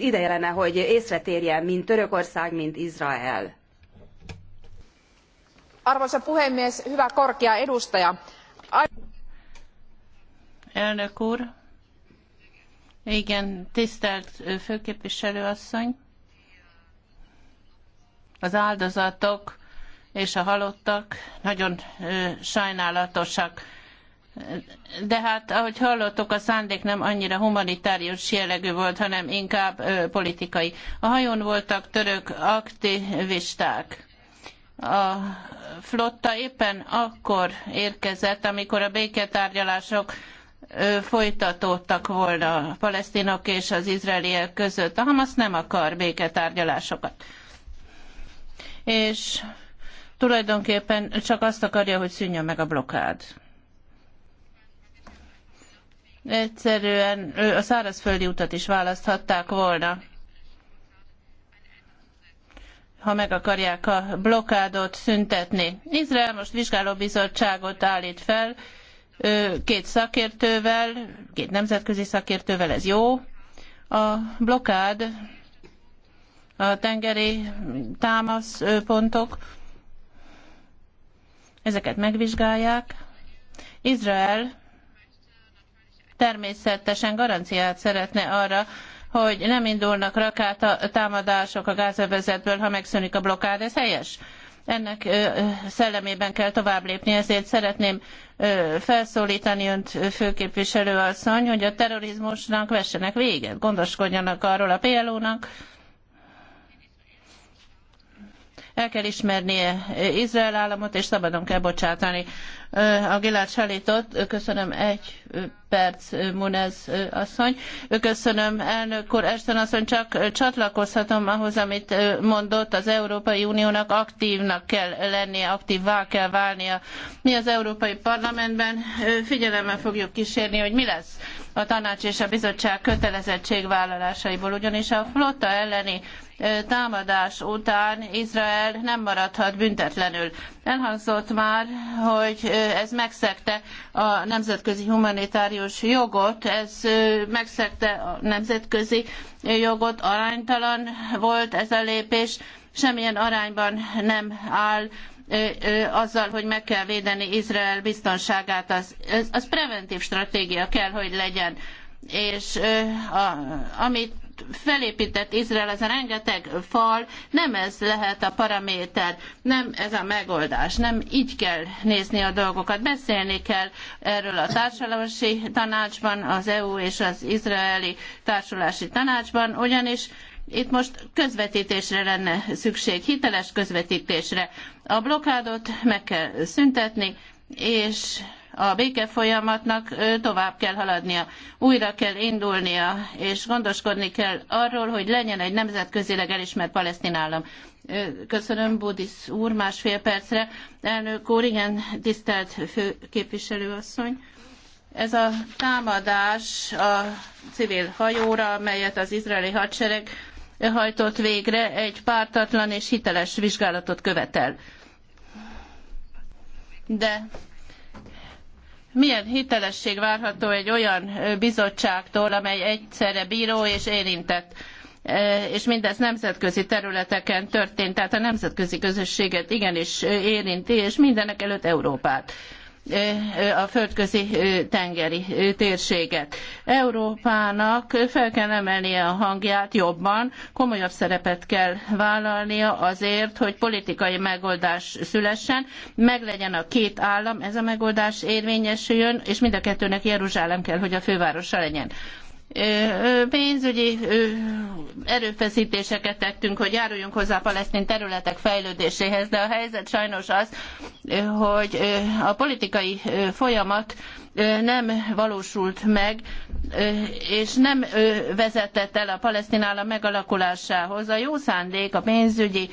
ideje lenne, hogy észre térjen mind Törökország, mind Izrael. Arvoisa puhemies, hyvä korkea edustaja! Elnök úr, igen, tisztelt főképviselő asszony, az áldozatok és a halottak nagyon sajnálatosak. De hát, ahogy hallottuk, a szándék nem annyira humanitárius jellegű volt, hanem inkább politikai. A hajón voltak török aktivisták. A flotta éppen akkor érkezett, amikor a béketárgyalások folytatódtak volna a palesztinok és az izraeliek között. A Hamas nem akar béketárgyalásokat. És tulajdonképpen csak azt akarja, hogy szűnjön meg a blokád. Egyszerűen a szárazföldi utat is választhatták volna. Ha meg akarják a blokádot szüntetni. Izrael most vizsgálóbizottságot állít fel, két szakértővel, két nemzetközi szakértővel, ez jó. A blokád, a tengeri támaszpontok, ezeket megvizsgálják. Izrael természetesen garanciát szeretne arra, hogy nem indulnak rakát támadások a gázövezetből, ha megszűnik a blokád Ez helyes. Ennek szellemében kell tovább lépni, ezért szeretném felszólítani önt, főképviselő asszony, hogy a terrorizmusnak vessenek véget, gondoskodjanak arról a PLO-nak, el kell ismernie Izrael államot, és szabadon kell bocsátani Aguilar Salitot. Köszönöm egy perc, Munez asszony. Köszönöm, elnök úr, Esten asszony, csak csatlakozhatom ahhoz, amit mondott, az Európai Uniónak aktívnak kell lennie, aktívvá kell válnia. Mi az Európai Parlamentben figyelemmel fogjuk kísérni, hogy mi lesz a tanács és a bizottság kötelezettségvállalásaiból, ugyanis a flotta elleni támadás után Izrael nem maradhat büntetlenül. Elhangzott már, hogy ez megszegte a nemzetközi humanitárius jogot, ez megszegte a nemzetközi jogot, aránytalan volt ez a lépés, semmilyen arányban nem áll azzal, hogy meg kell védeni Izrael biztonságát, az, az preventív stratégia kell, hogy legyen. És a, amit felépített Izrael, ez a rengeteg fal, nem ez lehet a paraméter, nem ez a megoldás, nem így kell nézni a dolgokat. Beszélni kell erről a társadalmi tanácsban, az EU és az izraeli társulási tanácsban, ugyanis itt most közvetítésre lenne szükség, hiteles közvetítésre. A blokádot meg kell szüntetni, és a béke folyamatnak tovább kell haladnia, újra kell indulnia, és gondoskodni kell arról, hogy legyen egy nemzetközileg elismert palesztin állam. Köszönöm, Budis úr, másfél percre. Elnök úr, igen, tisztelt főképviselőasszony. Ez a támadás a civil hajóra, amelyet az izraeli hadsereg hajtott végre, egy pártatlan és hiteles vizsgálatot követel. De milyen hitelesség várható egy olyan bizottságtól, amely egyszerre bíró és érintett? és mindez nemzetközi területeken történt, tehát a nemzetközi közösséget igenis érinti, és mindenekelőtt Európát a földközi tengeri térséget. Európának fel kell emelnie a hangját jobban, komolyabb szerepet kell vállalnia azért, hogy politikai megoldás szülessen, meglegyen a két állam, ez a megoldás érvényesüljön, és mind a kettőnek Jeruzsálem kell, hogy a fővárosa legyen pénzügyi erőfeszítéseket tettünk, hogy járuljunk hozzá palesztin területek fejlődéséhez, de a helyzet sajnos az, hogy a politikai folyamat nem valósult meg, és nem vezetett el a palesztin állam megalakulásához. A jó szándék, a pénzügyi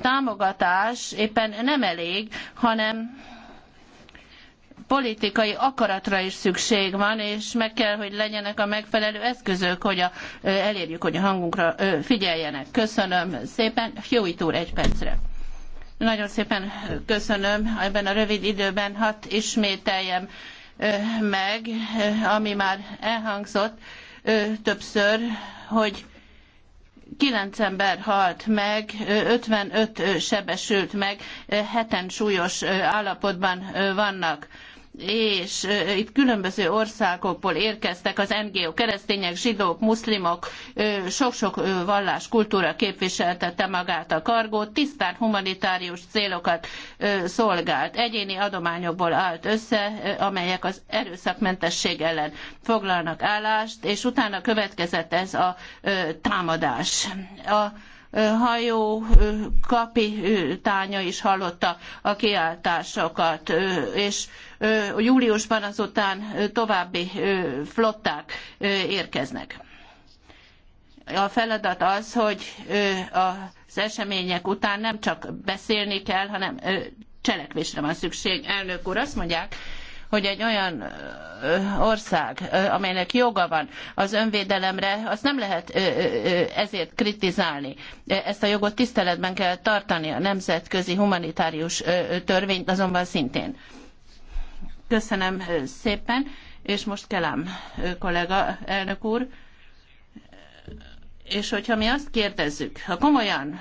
támogatás éppen nem elég, hanem politikai akaratra is szükség van, és meg kell, hogy legyenek a megfelelő eszközök, hogy a, elérjük, hogy a hangunkra figyeljenek. Köszönöm szépen. Hewitt úr, egy percre. Nagyon szépen köszönöm ebben a rövid időben, hadd ismételjem meg, ami már elhangzott többször, hogy kilenc ember halt meg, 55 sebesült meg, heten súlyos állapotban vannak és itt különböző országokból érkeztek az NGO keresztények, zsidók, muszlimok, sok-sok vallás, kultúra képviseltette magát a kargót, tisztán humanitárius célokat szolgált. Egyéni adományokból állt össze, amelyek az erőszakmentesség ellen foglalnak állást, és utána következett ez a támadás. A hajó kapitánya is hallotta a kiáltásokat, és a júliusban azután további flották érkeznek. A feladat az, hogy az események után nem csak beszélni kell, hanem cselekvésre van szükség. Elnök úr, azt mondják, hogy egy olyan ország, amelynek joga van az önvédelemre, azt nem lehet ezért kritizálni. Ezt a jogot tiszteletben kell tartani a nemzetközi humanitárius törvényt, azonban szintén. Köszönöm szépen, és most kelem kollega elnök úr. És hogyha mi azt kérdezzük, ha komolyan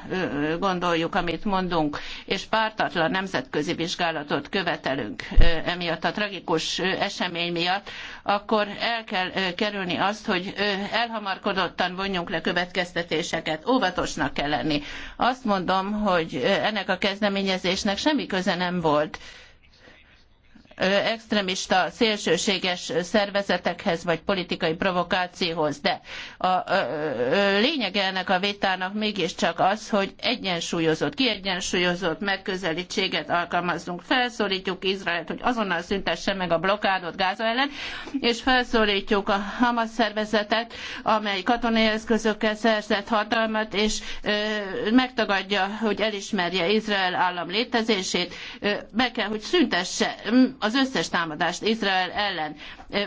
gondoljuk, amit mondunk, és pártatlan nemzetközi vizsgálatot követelünk emiatt a tragikus esemény miatt, akkor el kell kerülni azt, hogy elhamarkodottan vonjunk le következtetéseket. Óvatosnak kell lenni. Azt mondom, hogy ennek a kezdeményezésnek semmi köze nem volt extremista, szélsőséges szervezetekhez vagy politikai provokációhoz. De a lényege ennek a vétának mégiscsak az, hogy egyensúlyozott, kiegyensúlyozott megközelítséget alkalmazzunk. Felszólítjuk Izraelt, hogy azonnal szüntesse meg a blokádot Gáza ellen, és felszólítjuk a Hamas szervezetet, amely katonai eszközökkel szerzett hatalmat, és megtagadja, hogy elismerje Izrael állam létezését. Be kell, hogy szüntesse az összes támadást Izrael ellen.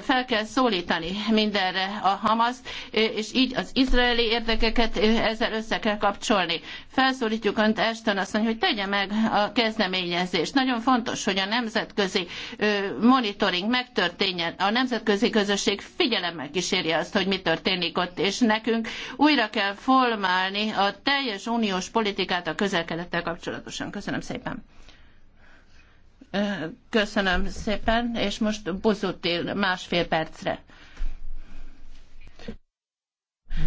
Fel kell szólítani mindenre a Hamaszt, és így az izraeli érdekeket ezzel össze kell kapcsolni. Felszólítjuk Önt Ashton asszony, hogy tegye meg a kezdeményezést. Nagyon fontos, hogy a nemzetközi monitoring megtörténjen, a nemzetközi közösség figyelemmel kíséri azt, hogy mi történik ott, és nekünk újra kell formálni a teljes uniós politikát a közelkedettel kapcsolatosan. Köszönöm szépen. Köszönöm szépen, és most Bozutil másfél percre.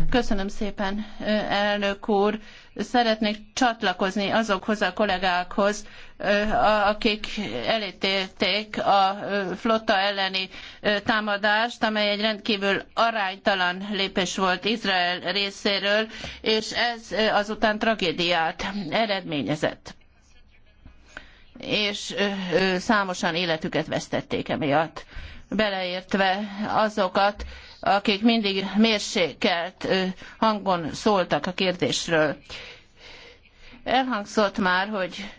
Köszönöm szépen, elnök úr. Szeretnék csatlakozni azokhoz a kollégákhoz, akik elítélték a flotta elleni támadást, amely egy rendkívül aránytalan lépés volt Izrael részéről, és ez azután tragédiát eredményezett és számosan életüket vesztették emiatt, beleértve azokat, akik mindig mérsékelt hangon szóltak a kérdésről. Elhangzott már, hogy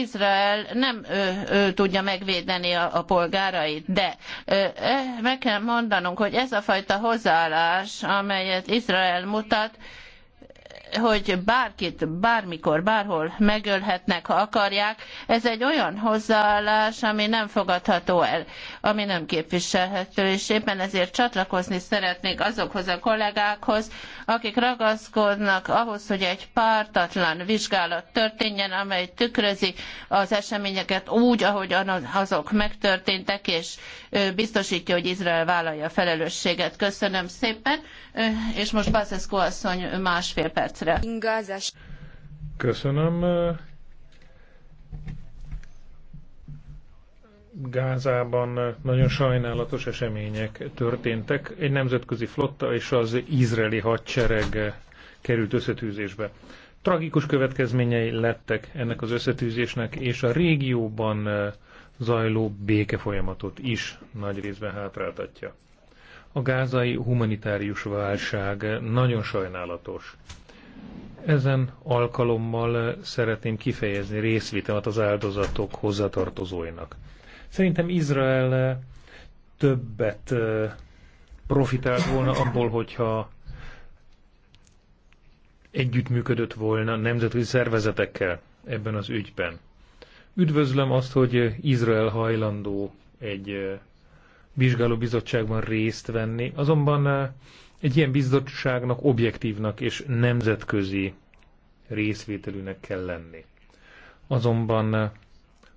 Izrael nem ö, ö, tudja megvédeni a, a polgárait, de ö, e, meg kell mondanunk, hogy ez a fajta hozzáállás, amelyet Izrael mutat, hogy bárkit bármikor, bárhol megölhetnek, ha akarják, ez egy olyan hozzáállás, ami nem fogadható el, ami nem képviselhető, és éppen ezért csatlakozni szeretnék azokhoz a kollégákhoz, akik ragaszkodnak ahhoz, hogy egy pártatlan vizsgálat történjen, amely tükrözi az eseményeket úgy, ahogy azok megtörténtek, és biztosítja, hogy Izrael vállalja a felelősséget. Köszönöm szépen! Eh, és most Bazeszko asszony másfél percre. Köszönöm. Gázában nagyon sajnálatos események történtek. Egy nemzetközi flotta és az izraeli hadsereg került összetűzésbe. Tragikus következményei lettek ennek az összetűzésnek, és a régióban eh, zajló békefolyamatot is nagy részben hátráltatja. A gázai humanitárius válság nagyon sajnálatos. Ezen alkalommal szeretném kifejezni részvitemet az áldozatok hozzatartozóinak. Szerintem Izrael többet profitált volna abból, hogyha együttműködött volna nemzetközi szervezetekkel ebben az ügyben. Üdvözlöm azt, hogy Izrael hajlandó egy vizsgálóbizottságban részt venni, azonban eh, egy ilyen bizottságnak objektívnak és nemzetközi részvételűnek kell lenni. Azonban eh,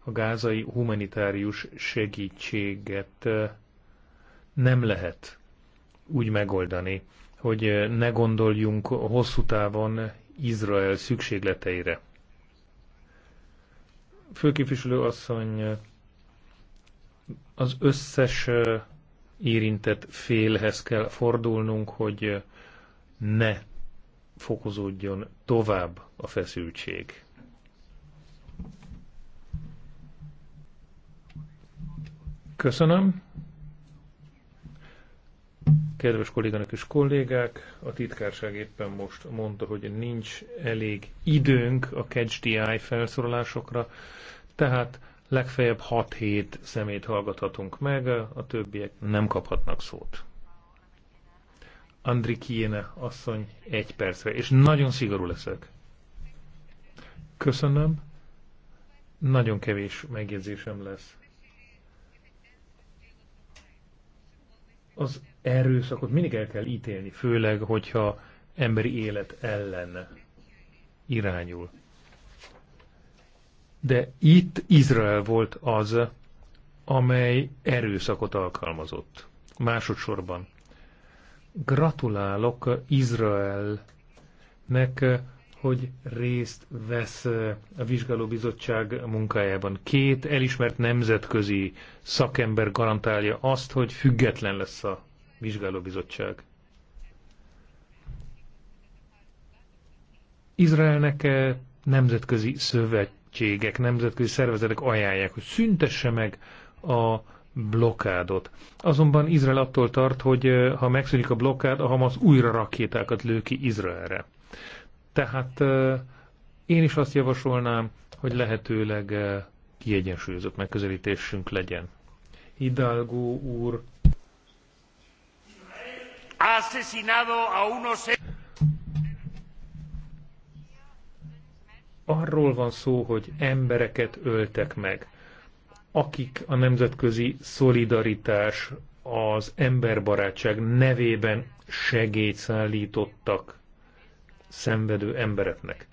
a gázai humanitárius segítséget eh, nem lehet úgy megoldani, hogy ne gondoljunk hosszú távon Izrael szükségleteire. Főképviselő asszony az összes érintett félhez kell fordulnunk, hogy ne fokozódjon tovább a feszültség. Köszönöm. Kedves kolléganak és kollégák, a titkárság éppen most mondta, hogy nincs elég időnk a catch the eye felszólalásokra, tehát legfeljebb 6-7 szemét hallgathatunk meg, a többiek nem kaphatnak szót. Andri Kiene asszony egy percre, és nagyon szigorú leszek. Köszönöm. Nagyon kevés megjegyzésem lesz. Az erőszakot mindig el kell ítélni, főleg, hogyha emberi élet ellen irányul de itt Izrael volt az, amely erőszakot alkalmazott. Másodszorban gratulálok Izraelnek, hogy részt vesz a vizsgálóbizottság munkájában. Két elismert nemzetközi szakember garantálja azt, hogy független lesz a vizsgálóbizottság. Izraelnek eh, nemzetközi szövet szövetségek, nemzetközi szervezetek ajánlják, hogy szüntesse meg a blokádot. Azonban Izrael attól tart, hogy ha megszűnik a blokád, a Hamas újra rakétákat lő ki Izraelre. Tehát én is azt javasolnám, hogy lehetőleg kiegyensúlyozott megközelítésünk legyen. Hidalgo úr arról van szó, hogy embereket öltek meg, akik a nemzetközi szolidaritás, az emberbarátság nevében segélyt szállítottak szenvedő embereknek.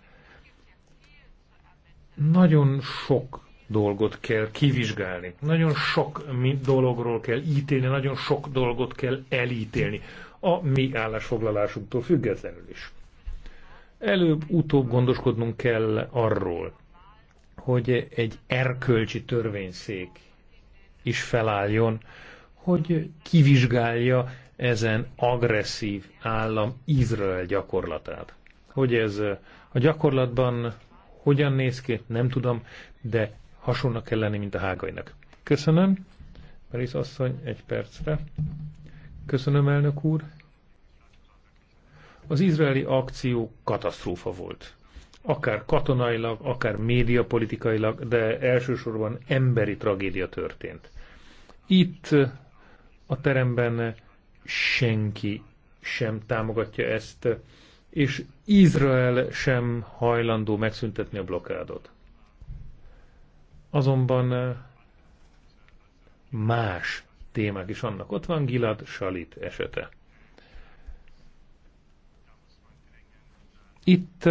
Nagyon sok dolgot kell kivizsgálni, nagyon sok dologról kell ítélni, nagyon sok dolgot kell elítélni, a mi állásfoglalásunktól függetlenül is előbb-utóbb gondoskodnunk kell arról, hogy egy erkölcsi törvényszék is felálljon, hogy kivizsgálja ezen agresszív állam Izrael gyakorlatát. Hogy ez a gyakorlatban hogyan néz ki, nem tudom, de hasonlóan kell lenni, mint a hágainak. Köszönöm, Meris asszony, egy percre. Köszönöm, elnök úr. Az izraeli akció katasztrófa volt. Akár katonailag, akár médiapolitikailag, de elsősorban emberi tragédia történt. Itt a teremben senki sem támogatja ezt, és Izrael sem hajlandó megszüntetni a blokádot. Azonban eh, más témák is annak. Ott van Gilad Salit esete. Itt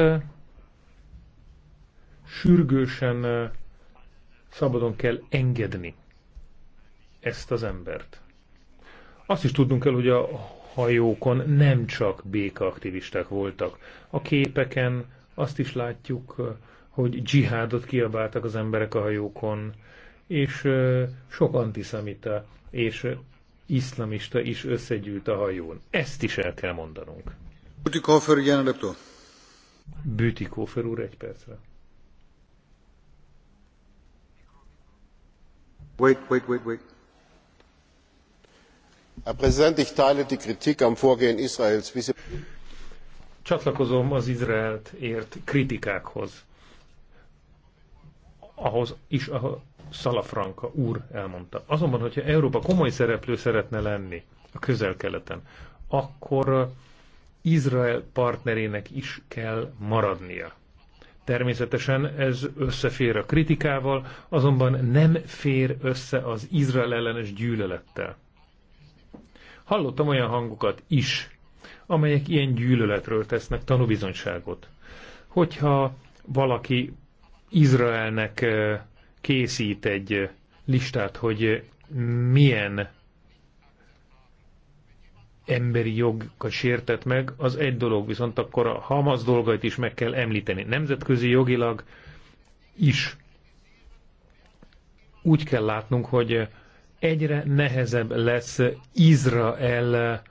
sürgősen szabadon kell engedni ezt az embert. Azt is tudnunk kell, hogy a hajókon nem csak békaaktivisták voltak. A képeken azt is látjuk, hogy dzsihádot kiabáltak az emberek a hajókon, és sok antiszemita és iszlamista is összegyűlt a hajón. Ezt is el kell mondanunk. Butikofer, jelenleptől. Kófer úr egy percre. Wait, wait, wait, wait. Herr Präsident, ich teile die Kritik am Vorgehen Israels. Csatlakozom az Izraelt ért kritikákhoz. Ahhoz is, ahol Szalafranka úr elmondta. Azonban, hogyha Európa komoly szereplő szeretne lenni a közel-keleten, akkor Izrael partnerének is kell maradnia. Természetesen ez összefér a kritikával, azonban nem fér össze az Izrael ellenes gyűlölettel. Hallottam olyan hangokat is, amelyek ilyen gyűlöletről tesznek tanúbizonyságot. Hogyha valaki Izraelnek eh, készít egy eh, listát, hogy milyen emberi jogokat sértett meg, az egy dolog, viszont akkor a Hamas dolgait is meg kell említeni. Nemzetközi jogilag is úgy kell látnunk, hogy egyre nehezebb lesz Izrael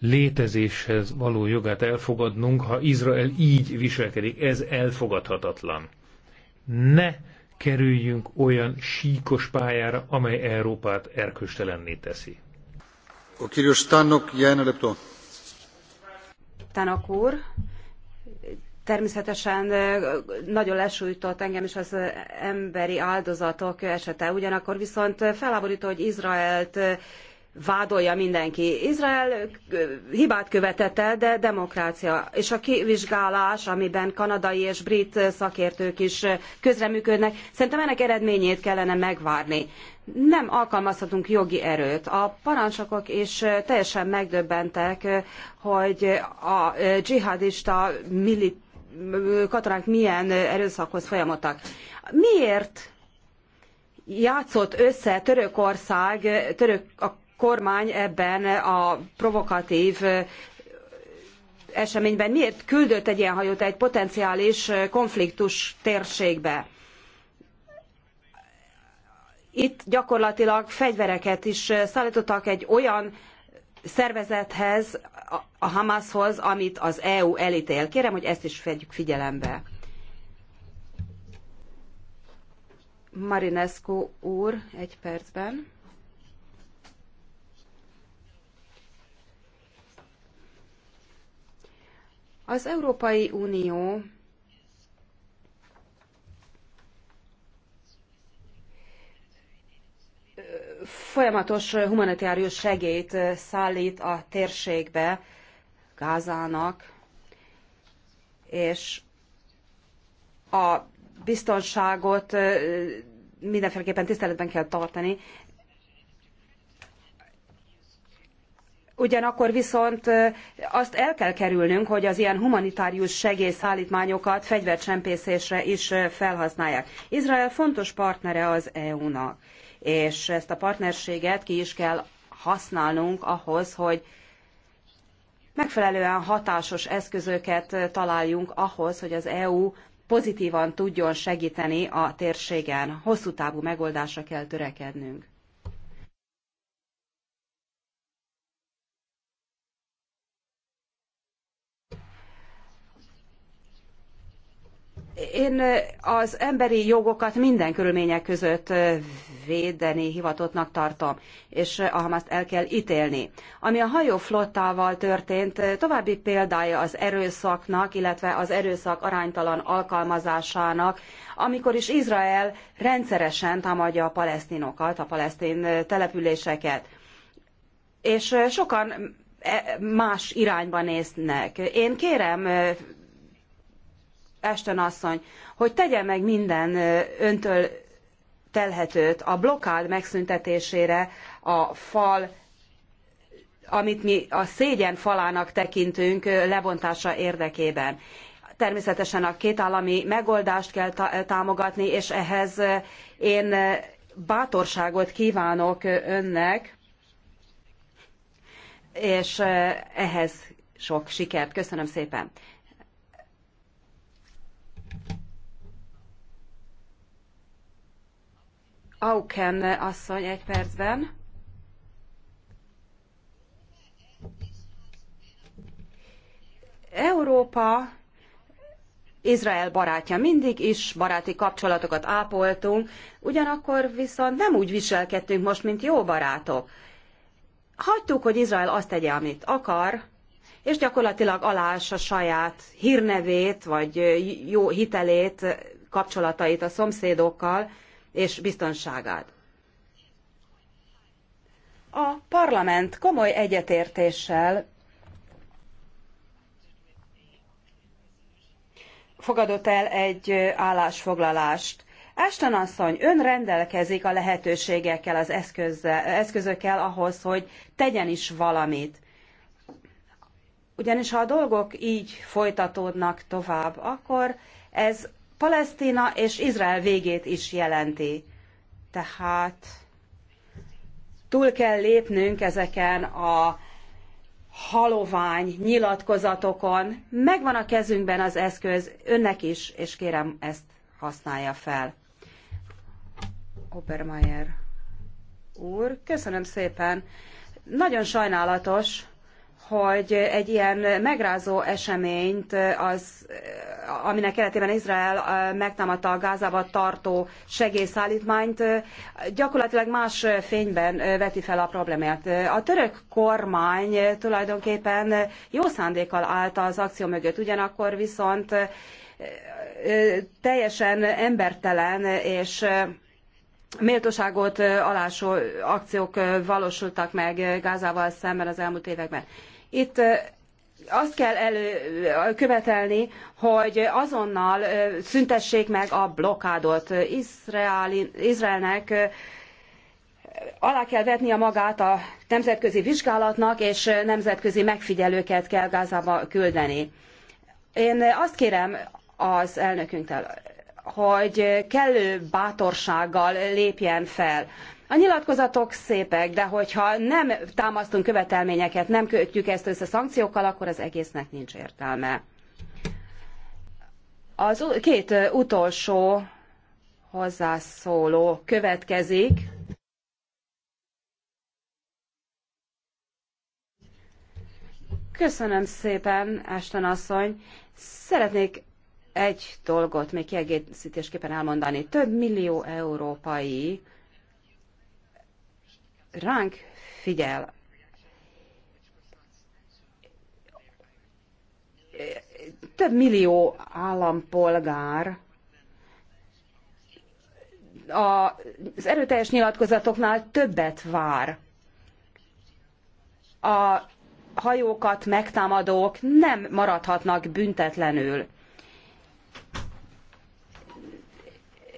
létezéshez való jogát elfogadnunk, ha Izrael így viselkedik. Ez elfogadhatatlan. Ne kerüljünk olyan síkos pályára, amely Európát erköstelenné teszi. Tanok úr, természetesen nagyon lesújtott engem is az emberi áldozatok esete. Ugyanakkor viszont felhábortó hogy Izraelt vádolja mindenki. Izrael hibát követett el, de demokrácia. És a kivizsgálás, amiben kanadai és brit szakértők is közreműködnek, szerintem ennek eredményét kellene megvárni. Nem alkalmazhatunk jogi erőt. A parancsokok is teljesen megdöbbentek, hogy a dzsihadista milit katonák milyen erőszakhoz folyamodtak. Miért játszott össze Törökország, török, a kormány ebben a provokatív eseményben miért küldött egy ilyen hajót egy potenciális konfliktus térségbe? Itt gyakorlatilag fegyvereket is szállítottak egy olyan szervezethez, a Hamashoz, amit az EU elítél. Kérem, hogy ezt is vegyük figyelembe. Marinescu úr, egy percben. Az Európai Unió folyamatos humanitárius segélyt szállít a térségbe, Gázának, és a biztonságot mindenféleképpen tiszteletben kell tartani, Ugyanakkor viszont azt el kell kerülnünk, hogy az ilyen humanitárius segélyszállítmányokat fegyvercsempészésre is felhasználják. Izrael fontos partnere az EU-nak, és ezt a partnerséget ki is kell használnunk ahhoz, hogy megfelelően hatásos eszközöket találjunk ahhoz, hogy az EU pozitívan tudjon segíteni a térségen. Hosszú távú megoldásra kell törekednünk. Én az emberi jogokat minden körülmények között védeni hivatottnak tartom, és a Hamaszt el kell ítélni. Ami a hajóflottával történt, további példája az erőszaknak, illetve az erőszak aránytalan alkalmazásának, amikor is Izrael rendszeresen támadja a palesztinokat, a palesztin településeket. És sokan e, más irányba néznek. Én kérem Ashton asszony, hogy tegye meg minden öntől telhetőt a blokád megszüntetésére, a fal, amit mi a szégyen falának tekintünk lebontása érdekében. Természetesen a kétállami megoldást kell támogatni, és ehhez én bátorságot kívánok önnek, és ehhez sok sikert. Köszönöm szépen. Auken asszony egy percben. Európa Izrael barátja mindig is, baráti kapcsolatokat ápoltunk, ugyanakkor viszont nem úgy viselkedtünk most, mint jó barátok. Hagytuk, hogy Izrael azt tegye, amit akar, és gyakorlatilag aláássa saját hírnevét, vagy jó hitelét, kapcsolatait a szomszédokkal, és biztonságát. A parlament komoly egyetértéssel fogadott el egy állásfoglalást. Ashton asszony, ön rendelkezik a lehetőségekkel, az eszközökkel ahhoz, hogy tegyen is valamit. Ugyanis ha a dolgok így folytatódnak tovább, akkor ez Palesztina és Izrael végét is jelenti. Tehát túl kell lépnünk ezeken a halovány nyilatkozatokon. Megvan a kezünkben az eszköz, önnek is, és kérem ezt használja fel. Obermeier úr, köszönöm szépen. Nagyon sajnálatos, hogy egy ilyen megrázó eseményt, az, aminek keretében Izrael megtámadta a Gázába tartó segélyszállítmányt, gyakorlatilag más fényben veti fel a problémát. A török kormány tulajdonképpen jó szándékkal állt az akció mögött, ugyanakkor viszont teljesen embertelen és méltóságot alásó akciók valósultak meg Gázával szemben az elmúlt években. Itt azt kell elő, követelni, hogy azonnal szüntessék meg a blokádot. Izraelnek alá kell vetnie magát a nemzetközi vizsgálatnak, és nemzetközi megfigyelőket kell Gázába küldeni. Én azt kérem az elnökünktől, hogy kellő bátorsággal lépjen fel. A nyilatkozatok szépek, de hogyha nem támasztunk követelményeket, nem kötjük ezt össze szankciókkal, akkor az egésznek nincs értelme. Az két utolsó hozzászóló következik. Köszönöm szépen, Ashton asszony. Szeretnék egy dolgot még kiegészítésképpen elmondani. Több millió európai ránk figyel. Több millió állampolgár az erőteljes nyilatkozatoknál többet vár. A hajókat megtámadók nem maradhatnak büntetlenül.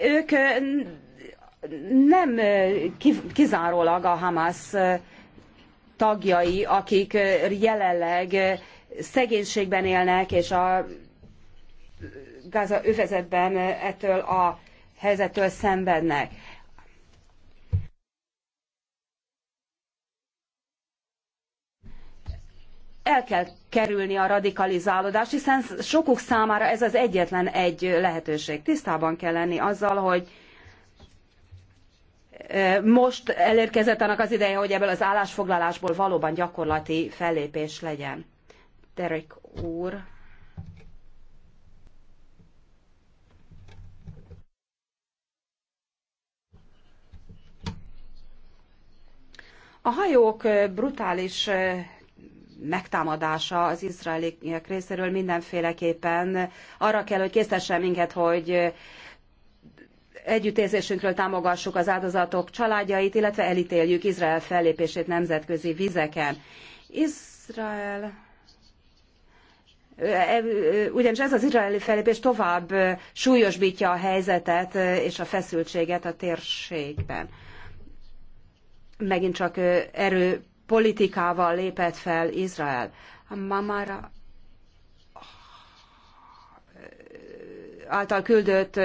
Ők nem kizárólag a Hamas tagjai, akik jelenleg szegénységben élnek, és a Gaza övezetben ettől a helyzettől szenvednek. El kell kerülni a radikalizálódást, hiszen sokuk számára ez az egyetlen egy lehetőség. Tisztában kell lenni azzal, hogy most elérkezett annak az ideje, hogy ebből az állásfoglalásból valóban gyakorlati fellépés legyen. Derek úr. A hajók brutális megtámadása az izraeliek részéről mindenféleképpen arra kell, hogy késztessen minket, hogy együttérzésünkről támogassuk az áldozatok családjait, illetve elítéljük Izrael fellépését nemzetközi vizeken. Izrael ugyanis ez az izraeli fellépés tovább súlyosbítja a helyzetet és a feszültséget a térségben. Megint csak erő politikával lépett fel Izrael. Mamara által küldött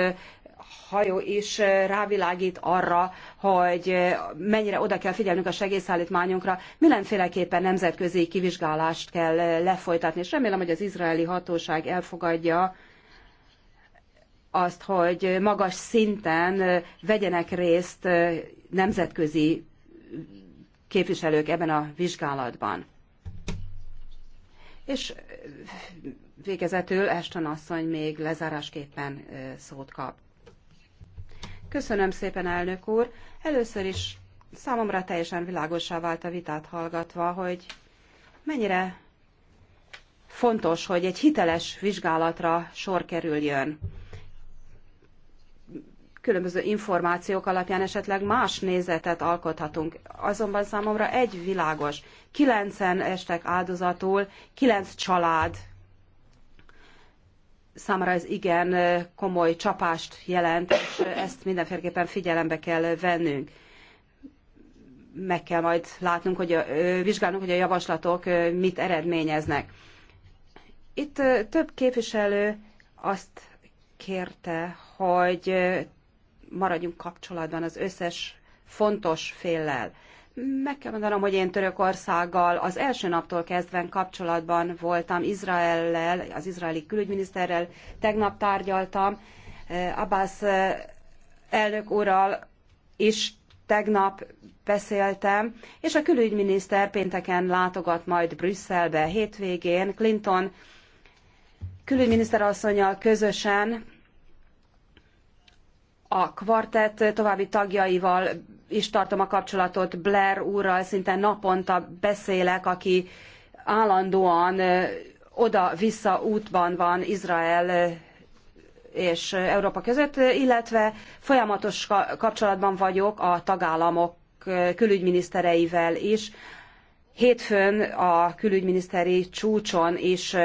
hajó is eh, rávilágít arra, hogy eh, mennyire oda kell figyelnünk a segélyszállítmányunkra, mindenféleképpen nemzetközi kivizsgálást kell eh, lefolytatni, és remélem, hogy az izraeli hatóság elfogadja azt, hogy magas szinten vegyenek részt nemzetközi képviselők ebben a vizsgálatban. És végezetül Eston asszony még lezárásképpen szót kap. Köszönöm szépen, elnök úr. Először is számomra teljesen világosá vált a vitát hallgatva, hogy mennyire fontos, hogy egy hiteles vizsgálatra sor kerüljön. Különböző információk alapján esetleg más nézetet alkothatunk. Azonban számomra egy világos. Kilencen estek áldozatul, kilenc család számára ez igen komoly csapást jelent, és ezt mindenféleképpen figyelembe kell vennünk. Meg kell majd látnunk, hogy a, vizsgálnunk, hogy a javaslatok mit eredményeznek. Itt több képviselő azt kérte, hogy maradjunk kapcsolatban az összes fontos féllel. Meg kell mondanom, hogy én Törökországgal az első naptól kezdve kapcsolatban voltam Izraellel, az izraeli külügyminiszterrel, tegnap tárgyaltam, eh, Abbas eh, elnök úrral is tegnap beszéltem, és a külügyminiszter pénteken látogat majd Brüsszelbe hétvégén, Clinton külügyminiszter asszonyal közösen a kvartett további tagjaival is tartom a kapcsolatot, Blair úrral szinte naponta beszélek, aki állandóan oda-vissza útban van Izrael és Európa között, illetve folyamatos kapcsolatban vagyok a tagállamok külügyminisztereivel is. Hétfőn a külügyminiszteri csúcson is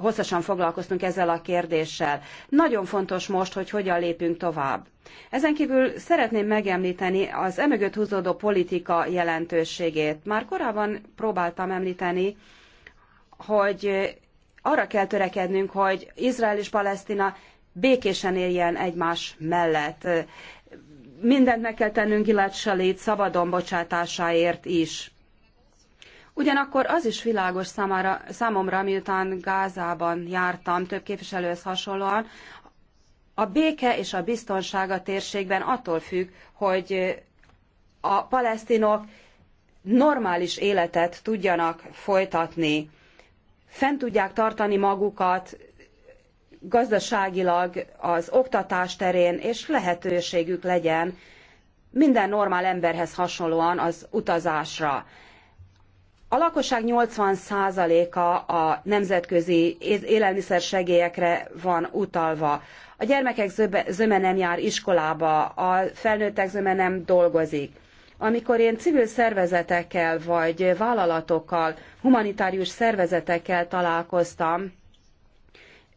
hosszasan foglalkoztunk ezzel a kérdéssel. Nagyon fontos most, hogy hogyan lépünk tovább. Ezen kívül szeretném megemlíteni az emögött húzódó politika jelentőségét. Már korábban próbáltam említeni, hogy arra kell törekednünk, hogy Izrael és Palesztina békésen éljen egymás mellett. Mindent meg kell tennünk Gilad Shalit szabadon bocsátásáért is. Ugyanakkor az is világos számára, számomra, miután Gázában jártam több képviselőhez hasonlóan, a béke és a biztonság a térségben attól függ, hogy a palesztinok normális életet tudjanak folytatni, fent tudják tartani magukat gazdaságilag az oktatás terén, és lehetőségük legyen minden normál emberhez hasonlóan az utazásra. A lakosság 80%-a a nemzetközi élelmiszersegélyekre van utalva. A gyermekek zöme nem jár iskolába, a felnőttek zöme nem dolgozik. Amikor én civil szervezetekkel vagy vállalatokkal, humanitárius szervezetekkel találkoztam,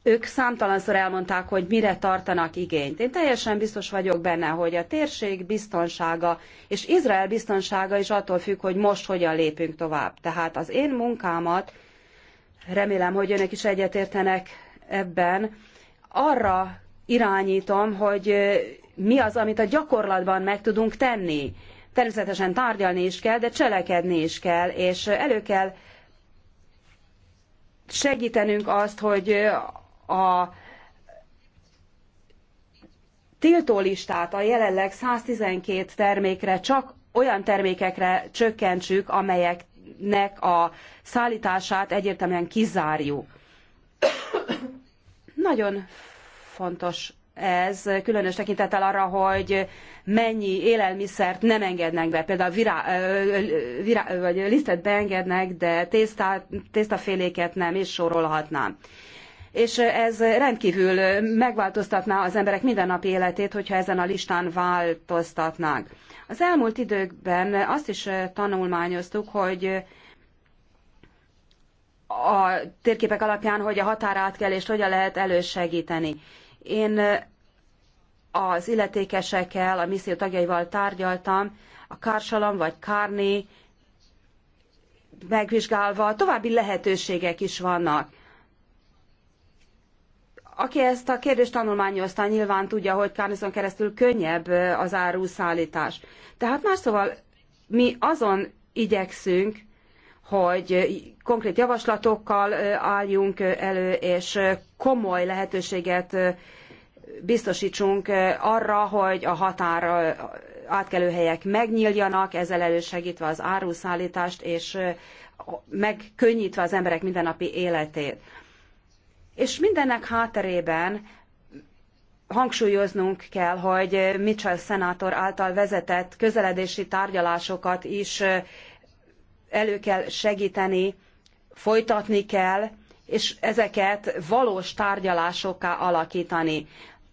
ők számtalanszor elmondták, hogy mire tartanak igényt. Én teljesen biztos vagyok benne, hogy a térség biztonsága és Izrael biztonsága is attól függ, hogy most hogyan lépünk tovább. Tehát az én munkámat, remélem, hogy önök is egyetértenek ebben, arra irányítom, hogy mi az, amit a gyakorlatban meg tudunk tenni. Természetesen tárgyalni is kell, de cselekedni is kell, és elő kell segítenünk azt, hogy a tiltólistát a jelenleg 112 termékre csak olyan termékekre csökkentsük, amelyeknek a szállítását egyértelműen kizárjuk. Nagyon fontos ez, különös tekintettel arra, hogy mennyi élelmiszert nem engednek be. Például virá, virá, vagy lisztet beengednek, de tésztá, tésztaféléket nem, és sorolhatnám és ez rendkívül megváltoztatná az emberek mindennapi életét, hogyha ezen a listán változtatnánk. Az elmúlt időkben azt is tanulmányoztuk, hogy a térképek alapján, hogy a határátkelést hogyan lehet elősegíteni. Én az illetékesekkel, a misszió tagjaival tárgyaltam, a kársalom vagy Kárné megvizsgálva további lehetőségek is vannak aki ezt a kérdést tanulmányozta, nyilván tudja, hogy Kárnizon keresztül könnyebb az áruszállítás. Tehát más szóval mi azon igyekszünk, hogy konkrét javaslatokkal álljunk elő, és komoly lehetőséget biztosítsunk arra, hogy a határ átkelőhelyek megnyíljanak, ezzel elősegítve az áruszállítást, és megkönnyítve az emberek mindennapi életét. És mindennek hátterében hangsúlyoznunk kell, hogy Mitchell szenátor által vezetett közeledési tárgyalásokat is elő kell segíteni, folytatni kell, és ezeket valós tárgyalásokká alakítani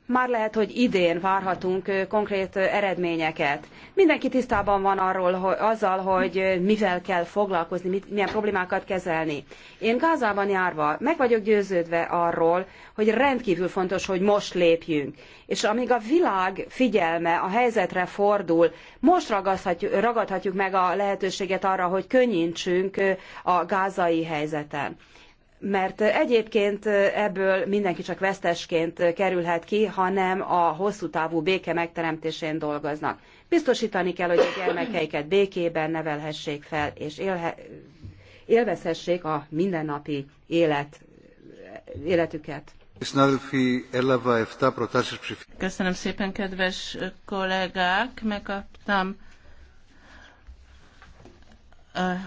már lehet, hogy idén várhatunk konkrét eredményeket. Mindenki tisztában van arról, hogy, azzal, hogy mivel kell foglalkozni, mit, milyen problémákat kezelni. Én Gázában járva meg vagyok győződve arról, hogy rendkívül fontos, hogy most lépjünk. És amíg a világ figyelme a helyzetre fordul, most ragadhatjuk, ragadhatjuk meg a lehetőséget arra, hogy könnyítsünk a gázai helyzeten mert egyébként ebből mindenki csak vesztesként kerülhet ki, hanem a hosszú távú béke megteremtésén dolgoznak. Biztosítani kell, hogy a gyermekeiket békében nevelhessék fel, és élhe, élvezhessék a mindennapi élet, életüket. Köszönöm szépen, kedves kollégák! Megkaptam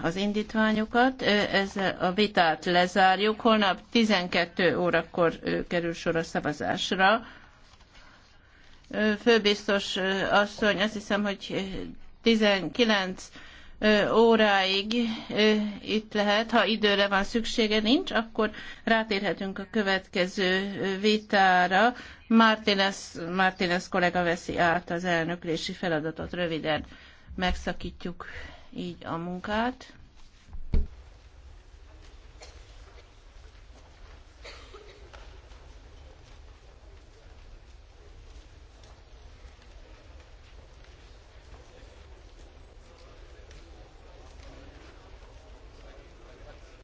az indítványokat, ezzel a vitát lezárjuk. Holnap 12 órakor kerül sor a szavazásra. Főbiztos asszony, azt hiszem, hogy 19 óráig itt lehet, ha időre van szüksége, nincs, akkor rátérhetünk a következő vitára. Martínez, Martínez kollega veszi át az elnöklési feladatot röviden megszakítjuk így a munkát.